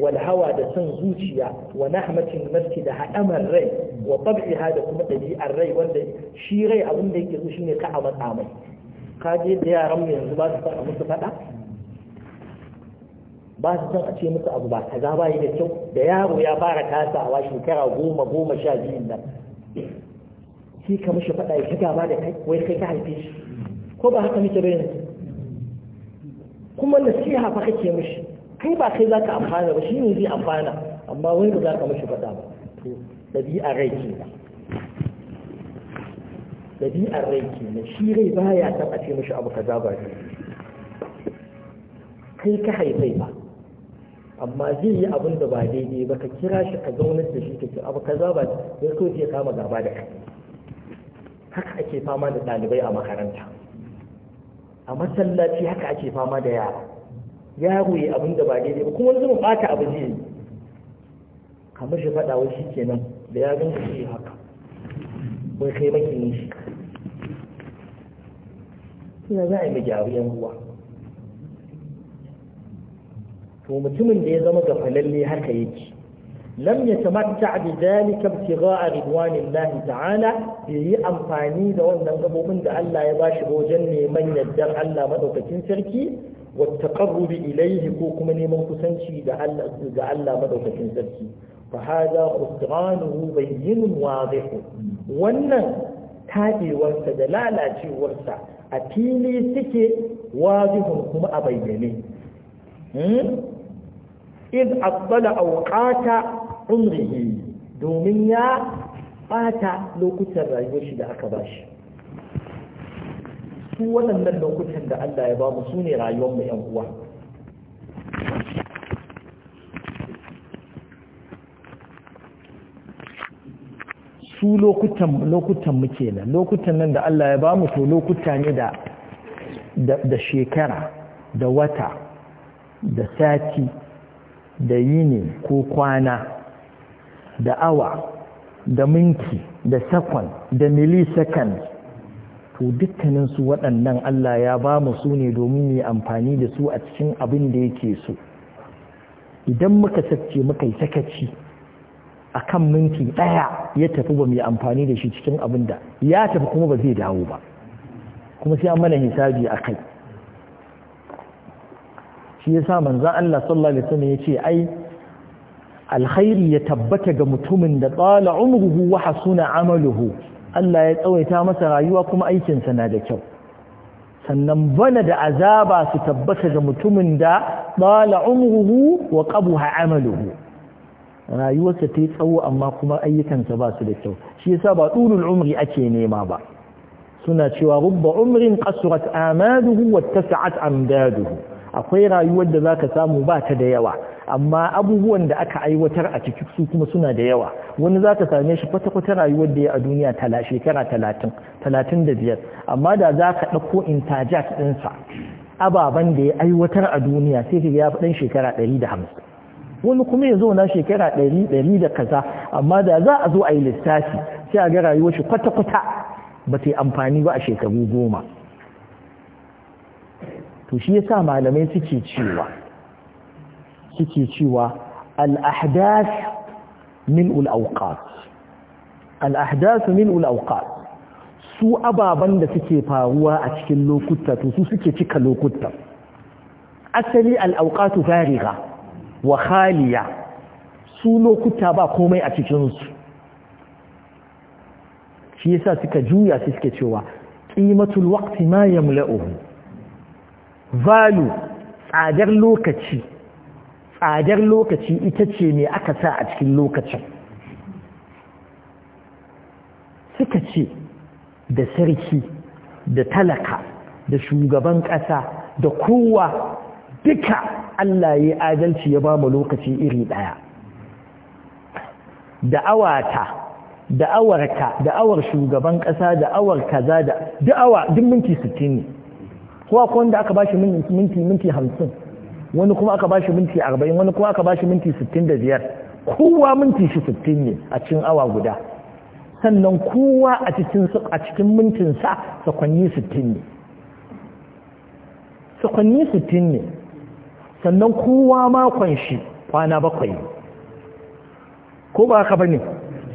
Walhawa da son zuciya wa nahmatin nafsi da hadamar rai wa tab'iha da kuma dabi'ar rai wanda shi rai abin da yake so ne ka a mai ka je da yaran mu yanzu ba su fara musu faɗa ba su san a ce musu abu ba kaza ba da kyau da yaro ya fara tasawa shekara goma goma sha biyun nan Shi ka mishi faɗa ya shiga ba da kai wai kai ka haife shi ko ba haka muke bayan kuma na nasiha hafa kake mishi kai ba kai za ka amfana ba Shi ne zai amfana amma wai ba ka mishi faɗa ba to rai ke Ɗabi'ar rai ke nan shi rai baya san a ce mishi abu kaza ba kai ka haifai ba amma zai yi abin da ba daidai ba ka kira shi ka zaunar da shi ka ce abu kaza ba ya so ya kama gaba da kai haka ake fama da ɗalibai a makaranta a masallaci haka ake fama da yara yaro ya abin da ba daidai ba kuma zuwa zama ɓata abu zai yi kamar shi faɗa wa shi kenan da ya ganka shi haka wai kai maki ne shi za a yi gyaru yan to mutumin da ya zama falalle haka yake lam ya tamatta bi zalika ibtigha'a ridwanillahi ta'ala yi amfani da wannan gabobin da Allah ya bashi ba wajen neman yaddar Allah madaukakin sarki wa taqarrubi ilayhi ko kuma neman kusanci da Allah ga Allah madaukakin sarki fa hada khusranuhu bayyinun wadih wannan tabewarsa da lalacewarsa a fili suke wazihun kuma a bayyane hmm? iz abbala awqata umrihi domin ya bata lokutan rayuwar shi da aka bashi su waɗannan lokutan da Allah ya ba mu su ne rayuwar mu yan uwa su lokutan lokutan mu kenan lokutan nan da Allah ya ba mu to lokuta ne da da shekara da wata da sati da yini ko kwana da awa da minti da sakon da milisekan to dukkaninsu waɗannan Allah ya ba mu su ne domin yi amfani da su a cikin abin da yake so idan muka sace muka yi sakaci a kan minti ɗaya ya tafi ba mu amfani da shi cikin abin da ya tafi kuma ba zai dawo ba kuma sai an mana hisabi a kai shi yasa manzon Allah sallallahu alaihi wasallam yace ai alkhairi ya tabbata ga mutumin da tsala umruhu wa hasuna amaluhu Allah ya tsawaita masa rayuwa kuma aikinsa na da kyau sannan bana da azaba su tabbata ga mutumin da tsala umruhu wa qabuha amaluhu rayuwarsa ta yi tsawo amma kuma ayyukansa ba su da kyau shi yasa ba tulul umri ake nema ba suna cewa rubba umrin qasrat amaduhu wa tas'at amdaduhu akwai rayuwar da za ka samu ba ta da yawa amma abubuwan da aka aiwatar a ciki su kuma suna da yawa wani za ka same shi kwata-kwata rayuwar da ya a duniya shekara talatin talatin da biyar amma da za ka ɗauko intajat ɗinsa ababen da ya aiwatar a duniya sai ka ya ɗan shekara ɗari da hamsin wani kuma ya zo na shekara ɗari ɗari da kaza amma da za a zo a yi lissafi sai a ga rayuwar shi kwata-kwata ba ta yi amfani ba a shekaru goma to shi yasa malamai suke cewa suke cewa al min al min su ababen da suke faruwa a cikin lokuta to su suke cika lokuta asali al-awqatu fariga wa khaliya su lokuta ba komai a cikinsu shiyasa suka juya suke cewa ƙimatul waqti ma yamla'uhu valu tsadar lokaci tsadar lokaci ita ce mai aka sa a cikin lokacin suka ce da sarki da talaka da shugaban ƙasa da kowa duka Allah ya adalci ya ba mu lokaci iri ɗaya da awata da awarka da awar shugaban ƙasa da awar kaza da duk minti 60 ne ko akwai wanda aka bashi minti minti hamsin wani kuma aka bashi minti arba'in wani kuma aka bashi minti sittin da biyar kowa minti shi sittin ne a cikin awa guda sannan kowa a cikin a cikin mintin sa sakwanni sittin ne sakwanni sittin ne sannan kowa makon shi kwana bakwai ko ba haka bane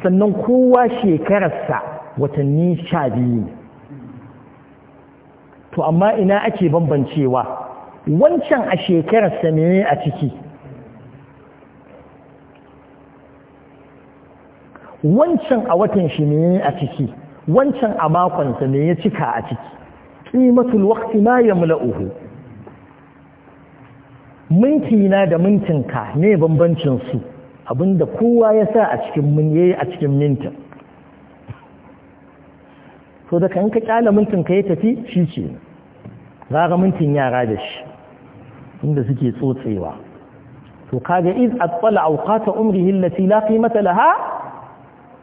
sannan kowa shekararsa watanni sha biyu ne to amma ina ake bambancewa wancan a same ne a ciki wancan a watan shi ne a ciki wancan a makonsa ne ya cika a ciki ƙimatul waqti ma yamla'uhu na da mintinka ne bambancin su abinda kowa ya sa a cikin min yayi a cikin mintin so da kan ka kyala mintinka ya tafi shi ce zaga mintin yara da shi inda suke tsotsewa to kaga iz atfala awqata umrihi allati la qimata laha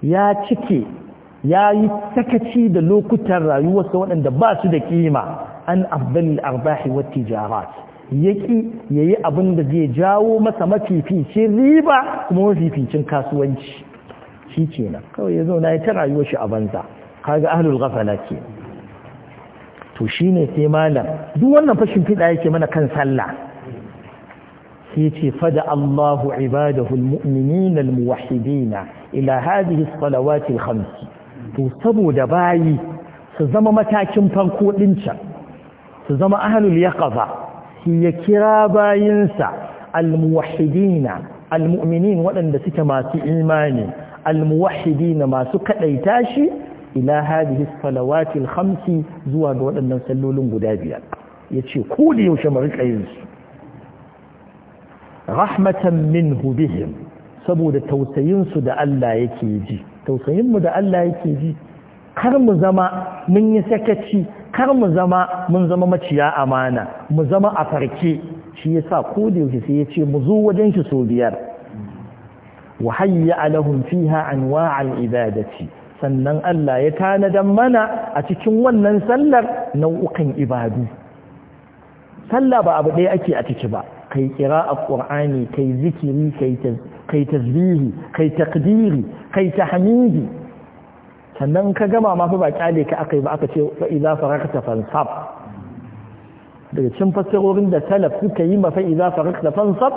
ya cike ya yi sakaci da lokutan rayuwarsa waɗanda ba su da kima an al arbahi wat tijarat yaki yayi abin da zai jawo masa mafi fice riba kuma mafi ficin kasuwanci shi kenan kawai ya zauna ya ta rayuwar shi a banza kaga ahlul ghafala kenan to shine sai malam duk wannan fashin fiɗa yake mana kan sallah sai ce fada Allahu ibadahu almu'minina almuwahhidina ila hadhihi as-salawati al-khams to saboda bayi su zama matakin farko din can su zama ahlul yaqaza shi ya kira bayinsa almuwahhidina almu'minin waɗanda suke masu imani almuwahhidina masu kadaita shi ila hadhihi salawati al-khamsi zuwa ga waɗannan sallolin guda biyar yace ko da yaushe mu rika yin su rahmatan minhu bihim saboda tausayin su da Allah yake ji tausayin mu da Allah yake ji kar mu zama mun yi sakaci kar mu zama mun zama maciya amana mu zama a farke shi yasa ko da yaushe sai yace mu zo wajen shi so biyar وهيأ لهم فيها أنواع العبادة sannan Allah ya tanadan mana a cikin wannan sallar nau'ukan ibadu sallah ba abu ɗaya ake a ciki ba kai kira ƙur'ani kai zikiri kai tasbihi kai takdiri kai tahmidi sannan ka gama ma ba kyale ka yi ba aka ce fa'iza idza farakta fansab daga cikin fassarorin da salaf suka yi ma fa farakta fansab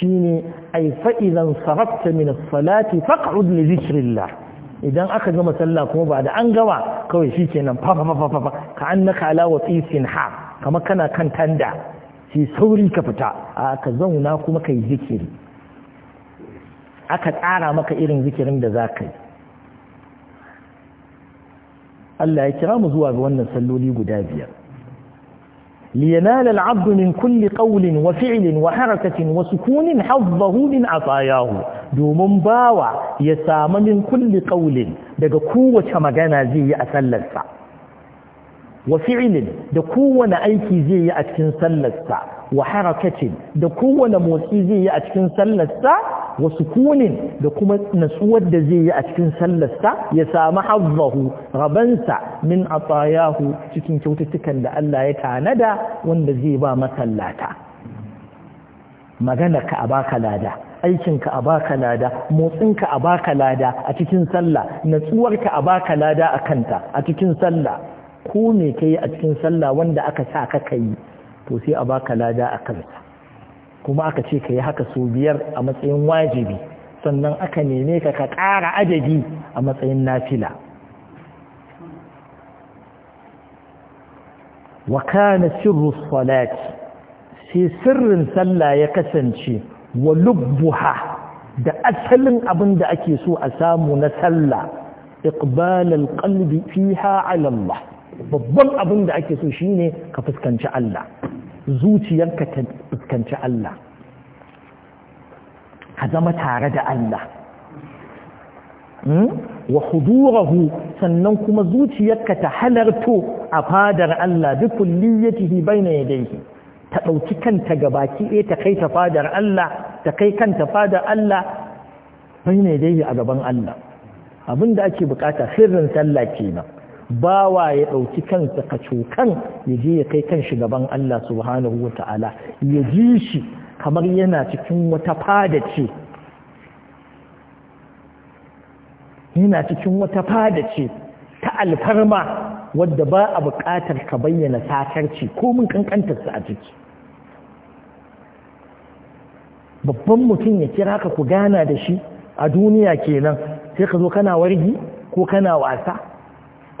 shine ai fa'izan idan sarafta min salati faq'ud li dhikrillah idan aka gama sallah kuma ba da an gawa kawai shi ke nan fafafafafa ka an na kala wa tsisin ha kama kana kan tanda shi sauri ka fita a ka zauna kuma ka yi zikiri aka tsara maka irin zikirin da za ka yi Allah ya kira mu zuwa ga wannan salloli guda biyar لينال العبد من كل قول وفعل وحركة وسكون حظه من عطاياه bawa ya يسام من كل قول daga kowace magana zai yi a sallarsa wa fi'ilin da kowane aiki zai yi a cikin sallarsa wa harakatin da kowane motsi zai yi a cikin sallarsa wa sukunin da kuma natsuwar da zai yi a cikin sallarsa ya samu hazzahu rabansa min atayahu cikin kyaututtukan da Allah ya tanada wanda zai ba masallata magana ka a baka lada aikinka a baka lada motsinka a baka lada a cikin sallah natsuwarka a baka lada a kanta a cikin sallah ko me yi a cikin sallah wanda aka sa ka kai to sai a baka lada a kansa kuma aka ce ka yi haka sau biyar a matsayin wajibi sannan aka neme ka ka ƙara adadi a matsayin nafila wa kana sirru salati sai sirrin sallah ya kasance wa lubbuha da asalin abin da ake so a samu na sallah iqbalal qalbi fiha ala Allah babban abin da ake so shine ka fuskanci Allah zuciyarka ta fuskanci Allah ka zama tare da Allah hmm? wa hudurahu sannan kuma zuciyarka ta halarto a fadar Allah duk kulliyatihi baina yadayhi ta dauki kanta gabaki eh ta kai ta fadar Allah ta kai kanta fadar Allah baina yadayhi a gaban Allah abinda ake bukata sirrin sallah kenan bawa ya ɗauki kansa kacokan ya je ya kai kan gaban Allah subhanahu wa ta'ala ya ji shi kamar yana cikin wata fada ce yana cikin wata fada ta alfarma wadda ba a buƙatar ka bayyana sakarci ko mun su a jiki babban mutum ya kira ka ku gana da shi a duniya kenan sai ka zo kana wargi ko kana wasa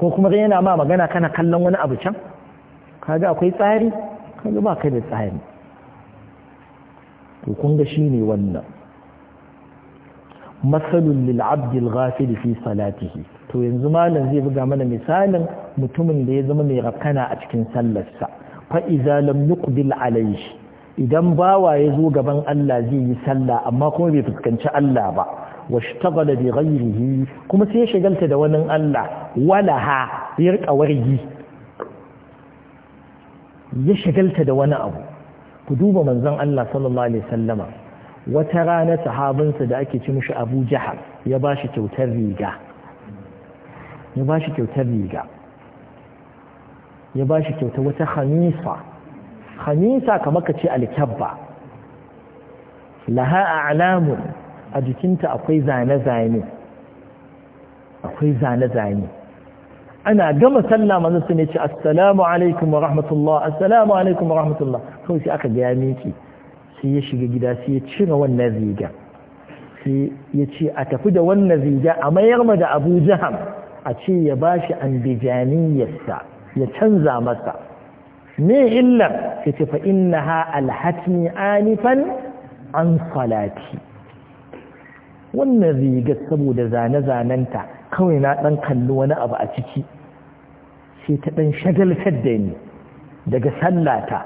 ko kuma zai yana ma magana kana kallon wani abu can kaga akwai tsari kaga ba kai da tsari to kun ga shine wannan masalul lil abd ghafil fi salatihi to yanzu malam zai buga mana misalin mutumin da ya zama mai rakana a cikin sallarsa fa idza lam yuqbil alayhi idan bawa ya zo gaban Allah zai yi sallah amma kuma bai fuskanci Allah ba washtagala bi ghayrihi kuma sai ya shagalta da wani Allah walaha ya rika wargi ya shagalta da wani abu ku duba manzon Allah sallallahu alaihi wasallama wata rana sahabinsa da ake ci mishi Abu Jahal ya bashi kyautar riga ya bashi kyautar riga ya bashi kyautar wata khamisa khamisa kamar ka ce alkabba laha a'lamun a jikinta akwai zane-zane akwai zane-zane ana gama sallah manzo sun ce assalamu alaikum wa rahmatullah assalamu alaikum wa rahmatullah Kawai sai aka gaya miki sai ya shiga gida sai ya cire wannan riga sai ya ce a tafi da wannan riga a mayar ma da Abu Jaham a ce ya bashi anbijaniyarsa ya canza masa me illar sai ce fa innaha alhatni anifan an salati wannan rigar saboda zane-zanenta kawai na ɗan kalli wani abu a ciki sai ta ɗan shagaltar da ni daga sallata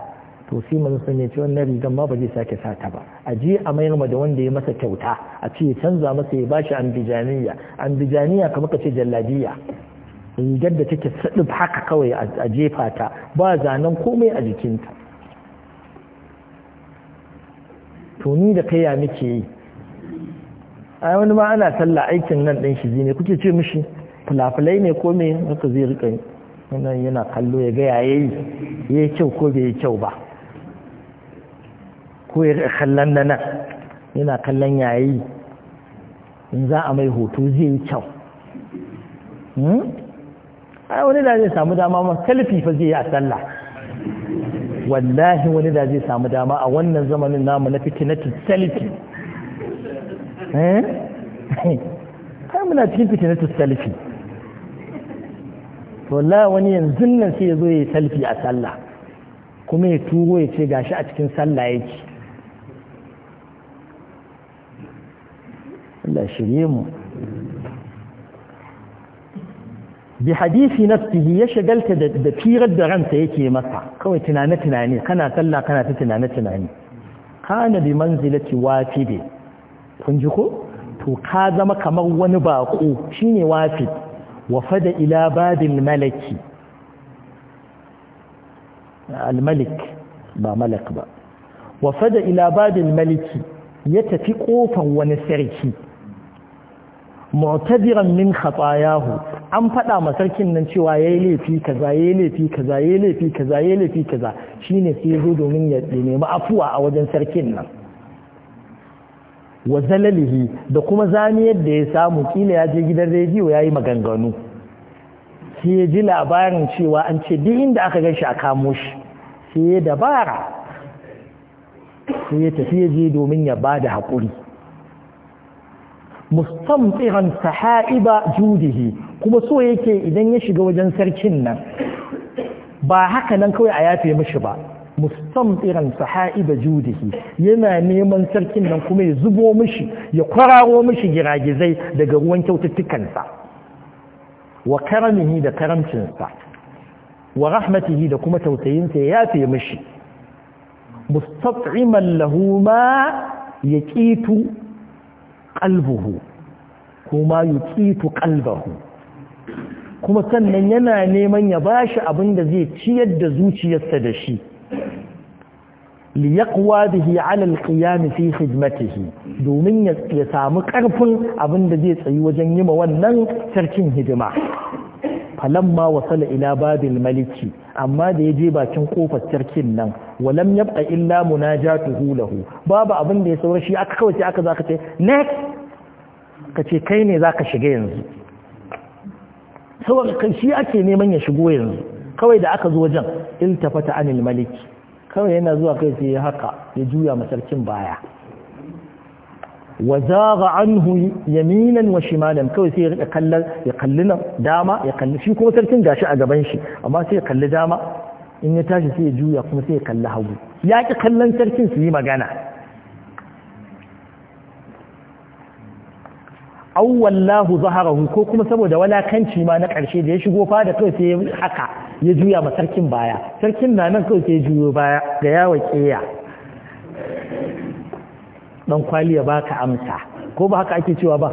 to sai manzo sun ce wannan rigar ma ba zai sake sata ba a je a mayar ma da wanda ya masa kyauta a ce canza masa ya bashi ambijaniya ambijaniya kamar ka ce jalladiya rigar da take saɗin haka kawai a jefa ta ba zanen komai a jikinta to ni da kai ya muke yi ai wani ma ana sallah aikin nan ɗin shi ne kuke ce mishi fulafulai ne ko me haka zai rika wannan yana kallo ya ga yayi yi kyau ko bai yi kyau ba ko ya kallon na nan yana kallon yayi in za a mai hoto zai yi kyau hmm? ai wani da zai samu dama ma kalfi fa zai yi a sallah wallahi wani da zai samu dama a wannan zamanin namu na fitinatu salifi. Eh? kai muna cikin ta salfi to la wani yanzu nan sai ya zo ya yi salfi a sallah kuma ya tuwo ya ce gashi a cikin sallah yake Allah shirye mu bi hadisi nafsihi ya shagalta da firar da ransa yake masa kawai tunane-tunane kana sallah kana ta tunane-tunane kana bi manzilati wafide kun ji ko to ka zama kamar wani bako shine wafi fada ila babil malaki al-malik ba malak ba fada ila babil maliki ya tafi kofan wani sarki mu'tadiran min khatayahu an faɗa ma sarkin nan cewa yayi laifi kaza yayi laifi kaza yayi laifi kaza yayi laifi kaza shine sai zo domin ya nemi afuwa a wajen sarkin nan wa zalalihi da kuma zamiyar da ya samu kila ya je gidan rediyo ya yi maganganu sai ya ji labarin cewa an ce duk inda aka gan shi a kamo shi sai ya dabara sai ya tafi ya je domin ya ba da haƙuri mustamtsiran saha'iba judihi kuma so yake idan ya shiga wajen sarkin nan ba haka nan kawai a yafe mishi ba mustamtiran sahaiba judihi yana neman sarkin nan kuma ya zubo mishi ya kwararo mishi giragizai daga ruwan kyaututtukansa wa karamihi da karamcinsa wa rahmatihi da kuma tausayinsa ya yafe mishi mustat'iman lahu ma yaqitu qalbuhu kuma yaqitu qalbuhu kuma sannan yana neman ya bashi abin da zai ciyar da zuciyarsa da shi liyakwa bihi alal qiyam fi khidmatihi domin ya samu karfin abin da zai tsayi wajen yi ma wannan sarkin hidima falamma wasala ila babil maliki amma da ya je bakin kofar sarkin nan walam yabqa illa munajatuhu lahu babu abin da ya saura shi aka kawai aka zaka ce next kace kai ne zaka shiga yanzu saboda kai shi ake neman ya shigo yanzu kawai da aka zo wajen iltafata anil maliki kawai yana zuwa kai sai ya haka ya juya masarkin baya wa zaga anhu yaminan wa shimalan kawai sai ya rika kallon ya kalli nan dama ya kalli shi kuma sarkin gashi a gaban shi amma sai ya kalli dama in ya tashi sai ya juya kuma sai ya kalli hagu ya ki kallon sarkin su yi magana awwallahu zaharahu ko kuma saboda walakanci ma na ƙarshe da ya shigo fada kawai sai ya haka ya juya ma sarkin baya sarkin na nan kawai sai ya juyo baya da yawa ƙeya dan kwaliya baka amsa ko ba haka ake cewa ba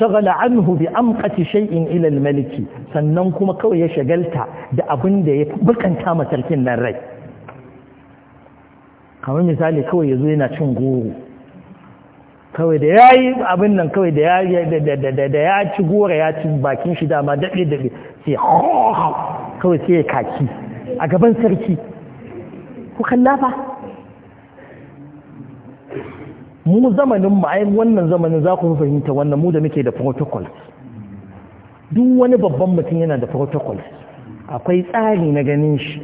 shagala bi amqati shay'in ila al maliki sannan kuma kawai ya shagalta da abin da ya bukanta ma sarkin nan rai kamar misali kawai ya zo yana cin goro kawai da ya yi abin nan kawai da ya ci goro ya ci bakin shi dama daɗe daɗe sai kawai sai ya kaki a gaban sarki ku kallafa mu zamanin mu wannan zamanin za ku fahimta wannan mu da muke da protocol. duk wani babban mutum yana da protocol akwai tsari na ganin shi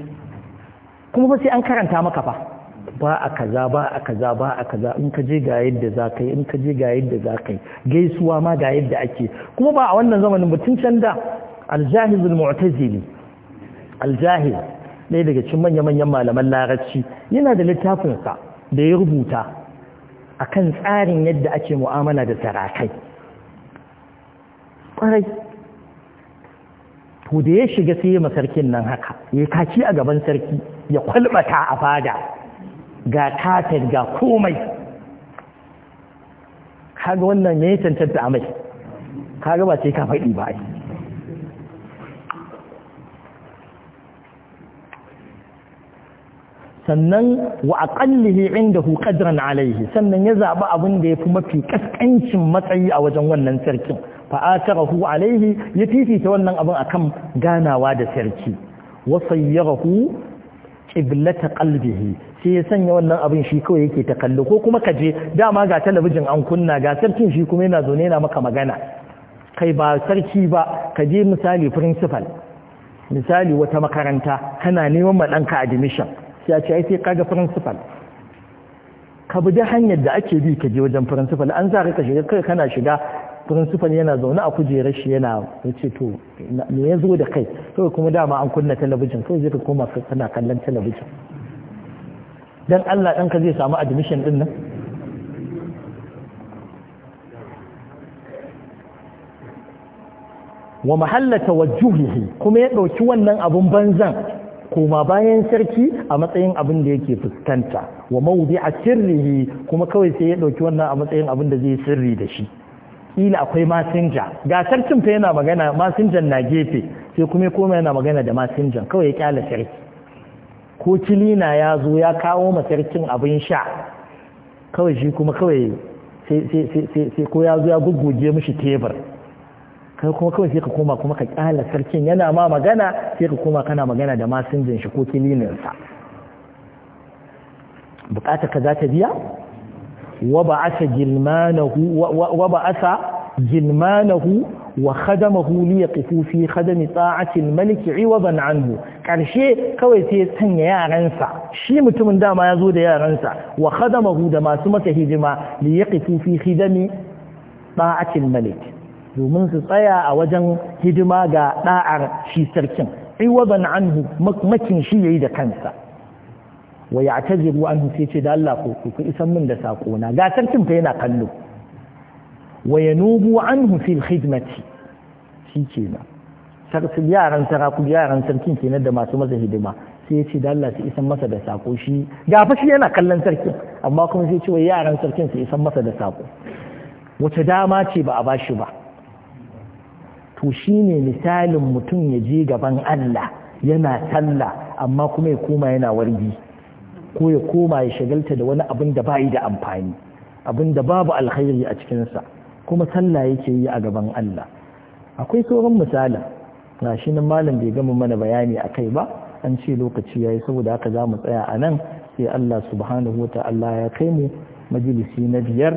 kuma ba sai an karanta maka ba ba a kaza ba a kaza ba a kaza in ka je ga yadda za ka yi in ka je ga yadda za ka yi gaisuwa ma ga yadda ake kuma ba a wannan zamanin mutum can da aljahiz al-mu'tazili aljahiz ne daga cikin manya-manyan malaman larabci yana da littafin sa da ya rubuta akan tsarin yadda ake mu'amala da sarakai kwarai to da ya shiga sai ya masarkin nan haka ya kaci a gaban sarki ya kwalbata a fada ga katin ga komai kaga wannan ne cancanta amai kaga ba sai ka faɗi ba sannan wa aqallihi indahu qadran alaihi sannan ya zaɓi abin da yafi mafi kaskancin matsayi a wajen wannan sarkin fa atarahu alayhi ya fifita wannan abin kan ganawa da sarki wa rahu. ƙiblata ƙalbihi sai ya sanya wannan abin shi kawai yake ta kallo ko kuma ka je dama ga talabijin an kunna ga sarkin shi kuma yana zaune yana maka magana kai ba sarki ba ka je misali principal misali wata makaranta kana neman ma ɗanka admission sai a ce ai sai kaga principal ka bi da hanyar da ake bi ka je wajen principal an za ka shiga kai kana shiga sufan yana zaune a kujerar shi yana ya ce to me ya zo da kai kawai kuma dama an kunna talabijin kawai zai ka koma kana kallon talabijin dan Allah ka zai samu admission din nan wa mahallata wajjuhihi kuma ya ɗauki wannan abun banzan kuma bayan sarki a matsayin abin da yake fuskanta wa mawdi'a a sirrihi kuma kawai sai ya ɗauki wannan a matsayin abin da zai sirri da shi kila akwai masinja ga sarkin fa yana magana masinjan na gefe sai kuma kuma yana magana da masinjan kawai ya kyala sarki ko kilina ya zo ya kawo ma sarkin abin sha kawai shi kuma kawai sai ko ya zo ya gugguje mishi tebur kai kuma kawai sai ka koma kuma ka kyala sarkin yana ma magana sai ka koma kana magana da masinjan shi ko kilininsa bukatar ka za ta biya wa ba'asa gilmanahu wa ba'asa gilmanahu wa khadamahu li yaqifu fi khadami ta'ati al-malik 'iwadan kawai sai sanya yaransa shi mutumin dama ya zo da yaransa wa khadamahu da masu masa hidima li yaqifu fi khidami ta'ati malik domin su tsaya a wajen hidima ga ɗa'ar shi sarkin 'iwadan anhu makin shi yayi da kansa wa ya tajibu an hufi ce da Allah ku ku isan min da sako na ga sarkin fa yana kallo wa yanubu anhu fil khidmati shi na sarkin yaran saraku yaran sarkin kenan da masu maza hidima sai ya ce da Allah su isan masa da sako shi ga fa shi yana kallon sarkin amma kuma sai ce wa yaran sarkin su isan masa da sako wace dama ce ba a bashi ba to shine misalin mutum ya je gaban Allah yana sallah amma kuma ya koma yana wargi ko ya koma ya shagalta da wani abin da yi da amfani abin da babu alkhairi a cikinsa kuma sallah yake yi a gaban Allah akwai sauran misalin na shi nan malam bai gama mana bayani a kai ba an ce lokaci ya yi saboda haka za mu tsaya a nan sai Allah subhanahu wa ta'ala ya kai mu majalisi na biyar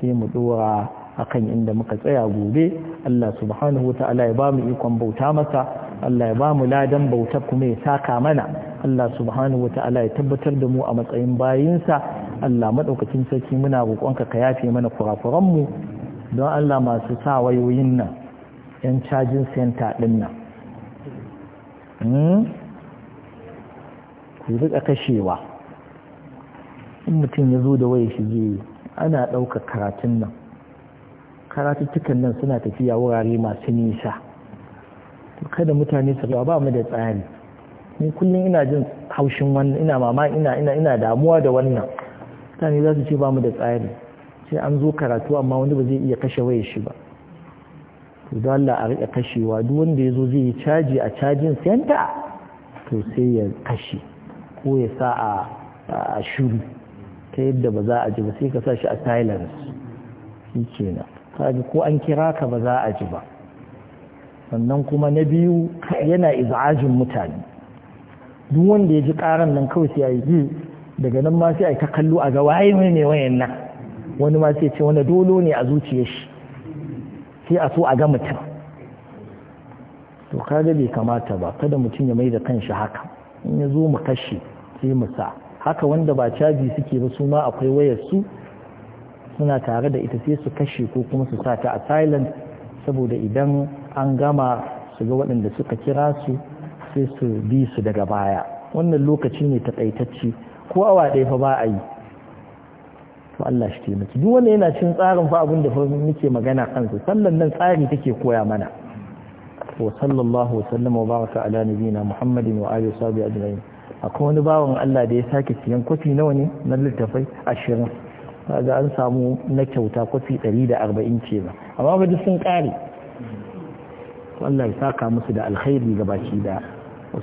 sai mu dora akan inda muka tsaya gobe Allah subhanahu wa ta'ala ya ba mu ikon bauta masa Allah ya ba mu ladan bauta kuma ya saka mana Allah subhanahu wa ta'ala ya tabbatar da mu a matsayin bayinsa Allah maɗaukacin sarki muna roƙonka ka yafe mana mu. don Allah masu sa wayoyin nan ‘yan cajin senta ɗin nan hmm? ku riƙa kashewa in mutum ya zo da waya shige ana ɗaukar karatun nan karatuttukan nan suna tafiya wurare masu nisa kada mutane su ba mu da tsari ni kullum ina jin haushin wannan ina mama ina ina ina damuwa da wannan mutane za su ce ba mu da tsari sai an zo karatu amma wani ba zai iya kashe waye shi ba to da Allah a kashewa duk wanda ya zo zai yi caji a cajin center to sai ya kashe ko ya sa a shuru ta yadda ba za a ji ba sai ka sa shi a silence shi kenan ko an kira ka ba za a ji ba sannan kuma na biyu yana izajin mutane duk wanda ya ji karan nan kawai sai yi hmm, daga nan ma sai a ta kallo a ga waye ne wayan nan wani ma sai ce wani dolo ne a zuciyar shi sai a so a ga mutum to kaga bai kamata ba kada mutum ya mai da kanshi haka in ya zo mu kashe sai mu sa haka wanda ba caji suke ba su ma akwai wayar su suna tare da ita sai su kashe ko kuma su sa ta a silent saboda idan an gama su ga waɗanda suka kira su sai su bi su daga baya wannan lokaci ne ta ɗaitacci ko awa ɗaya fa ba a yi to Allah shi taimaki duk wanda yana cin tsarin fa abin da fa muke magana kansa sallan nan tsari take koya mana wa sallallahu wasallama wa baraka ala nabiyina muhammadin wa alihi wa ajma'in akwai wani bawan Allah da ya sake siyan kwafi nawa ne na littafai ashirin kaga an samu na kyauta kwafi ɗari da arba'in ce ba amma ba duk sun kare. Allah ya saka musu da alkhairi ga baki da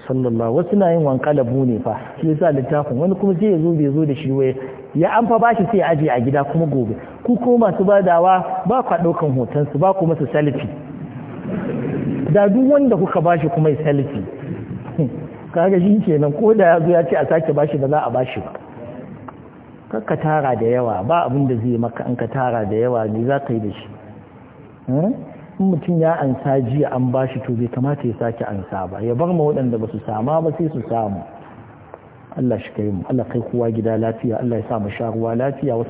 sallallahu wasu na yin wanka da ne fa shi yasa littafin wani kuma sai ya zo bai zo da shi waya ya an fa bashi sai aje a gida kuma gobe ku kuma masu badawa ba kwa daukan hoton su ba ku masa salfi da duk wanda kuka bashi kuma ya salfi kaga shi kenan ko da yazo zo ya ce a sake bashi ba za a bashi ba ka tara da yawa ba abin da zai maka an ka tara da yawa ne za ka yi da shi hmm? in mutum ya ansa jiya an bashi to bai kamata ya sake ansa ba ya bar ma waɗanda ba su sama ba sai su samu Allah shi kai mu Allah kai kowa gida lafiya Allah ya sa mu sha ruwa lafiya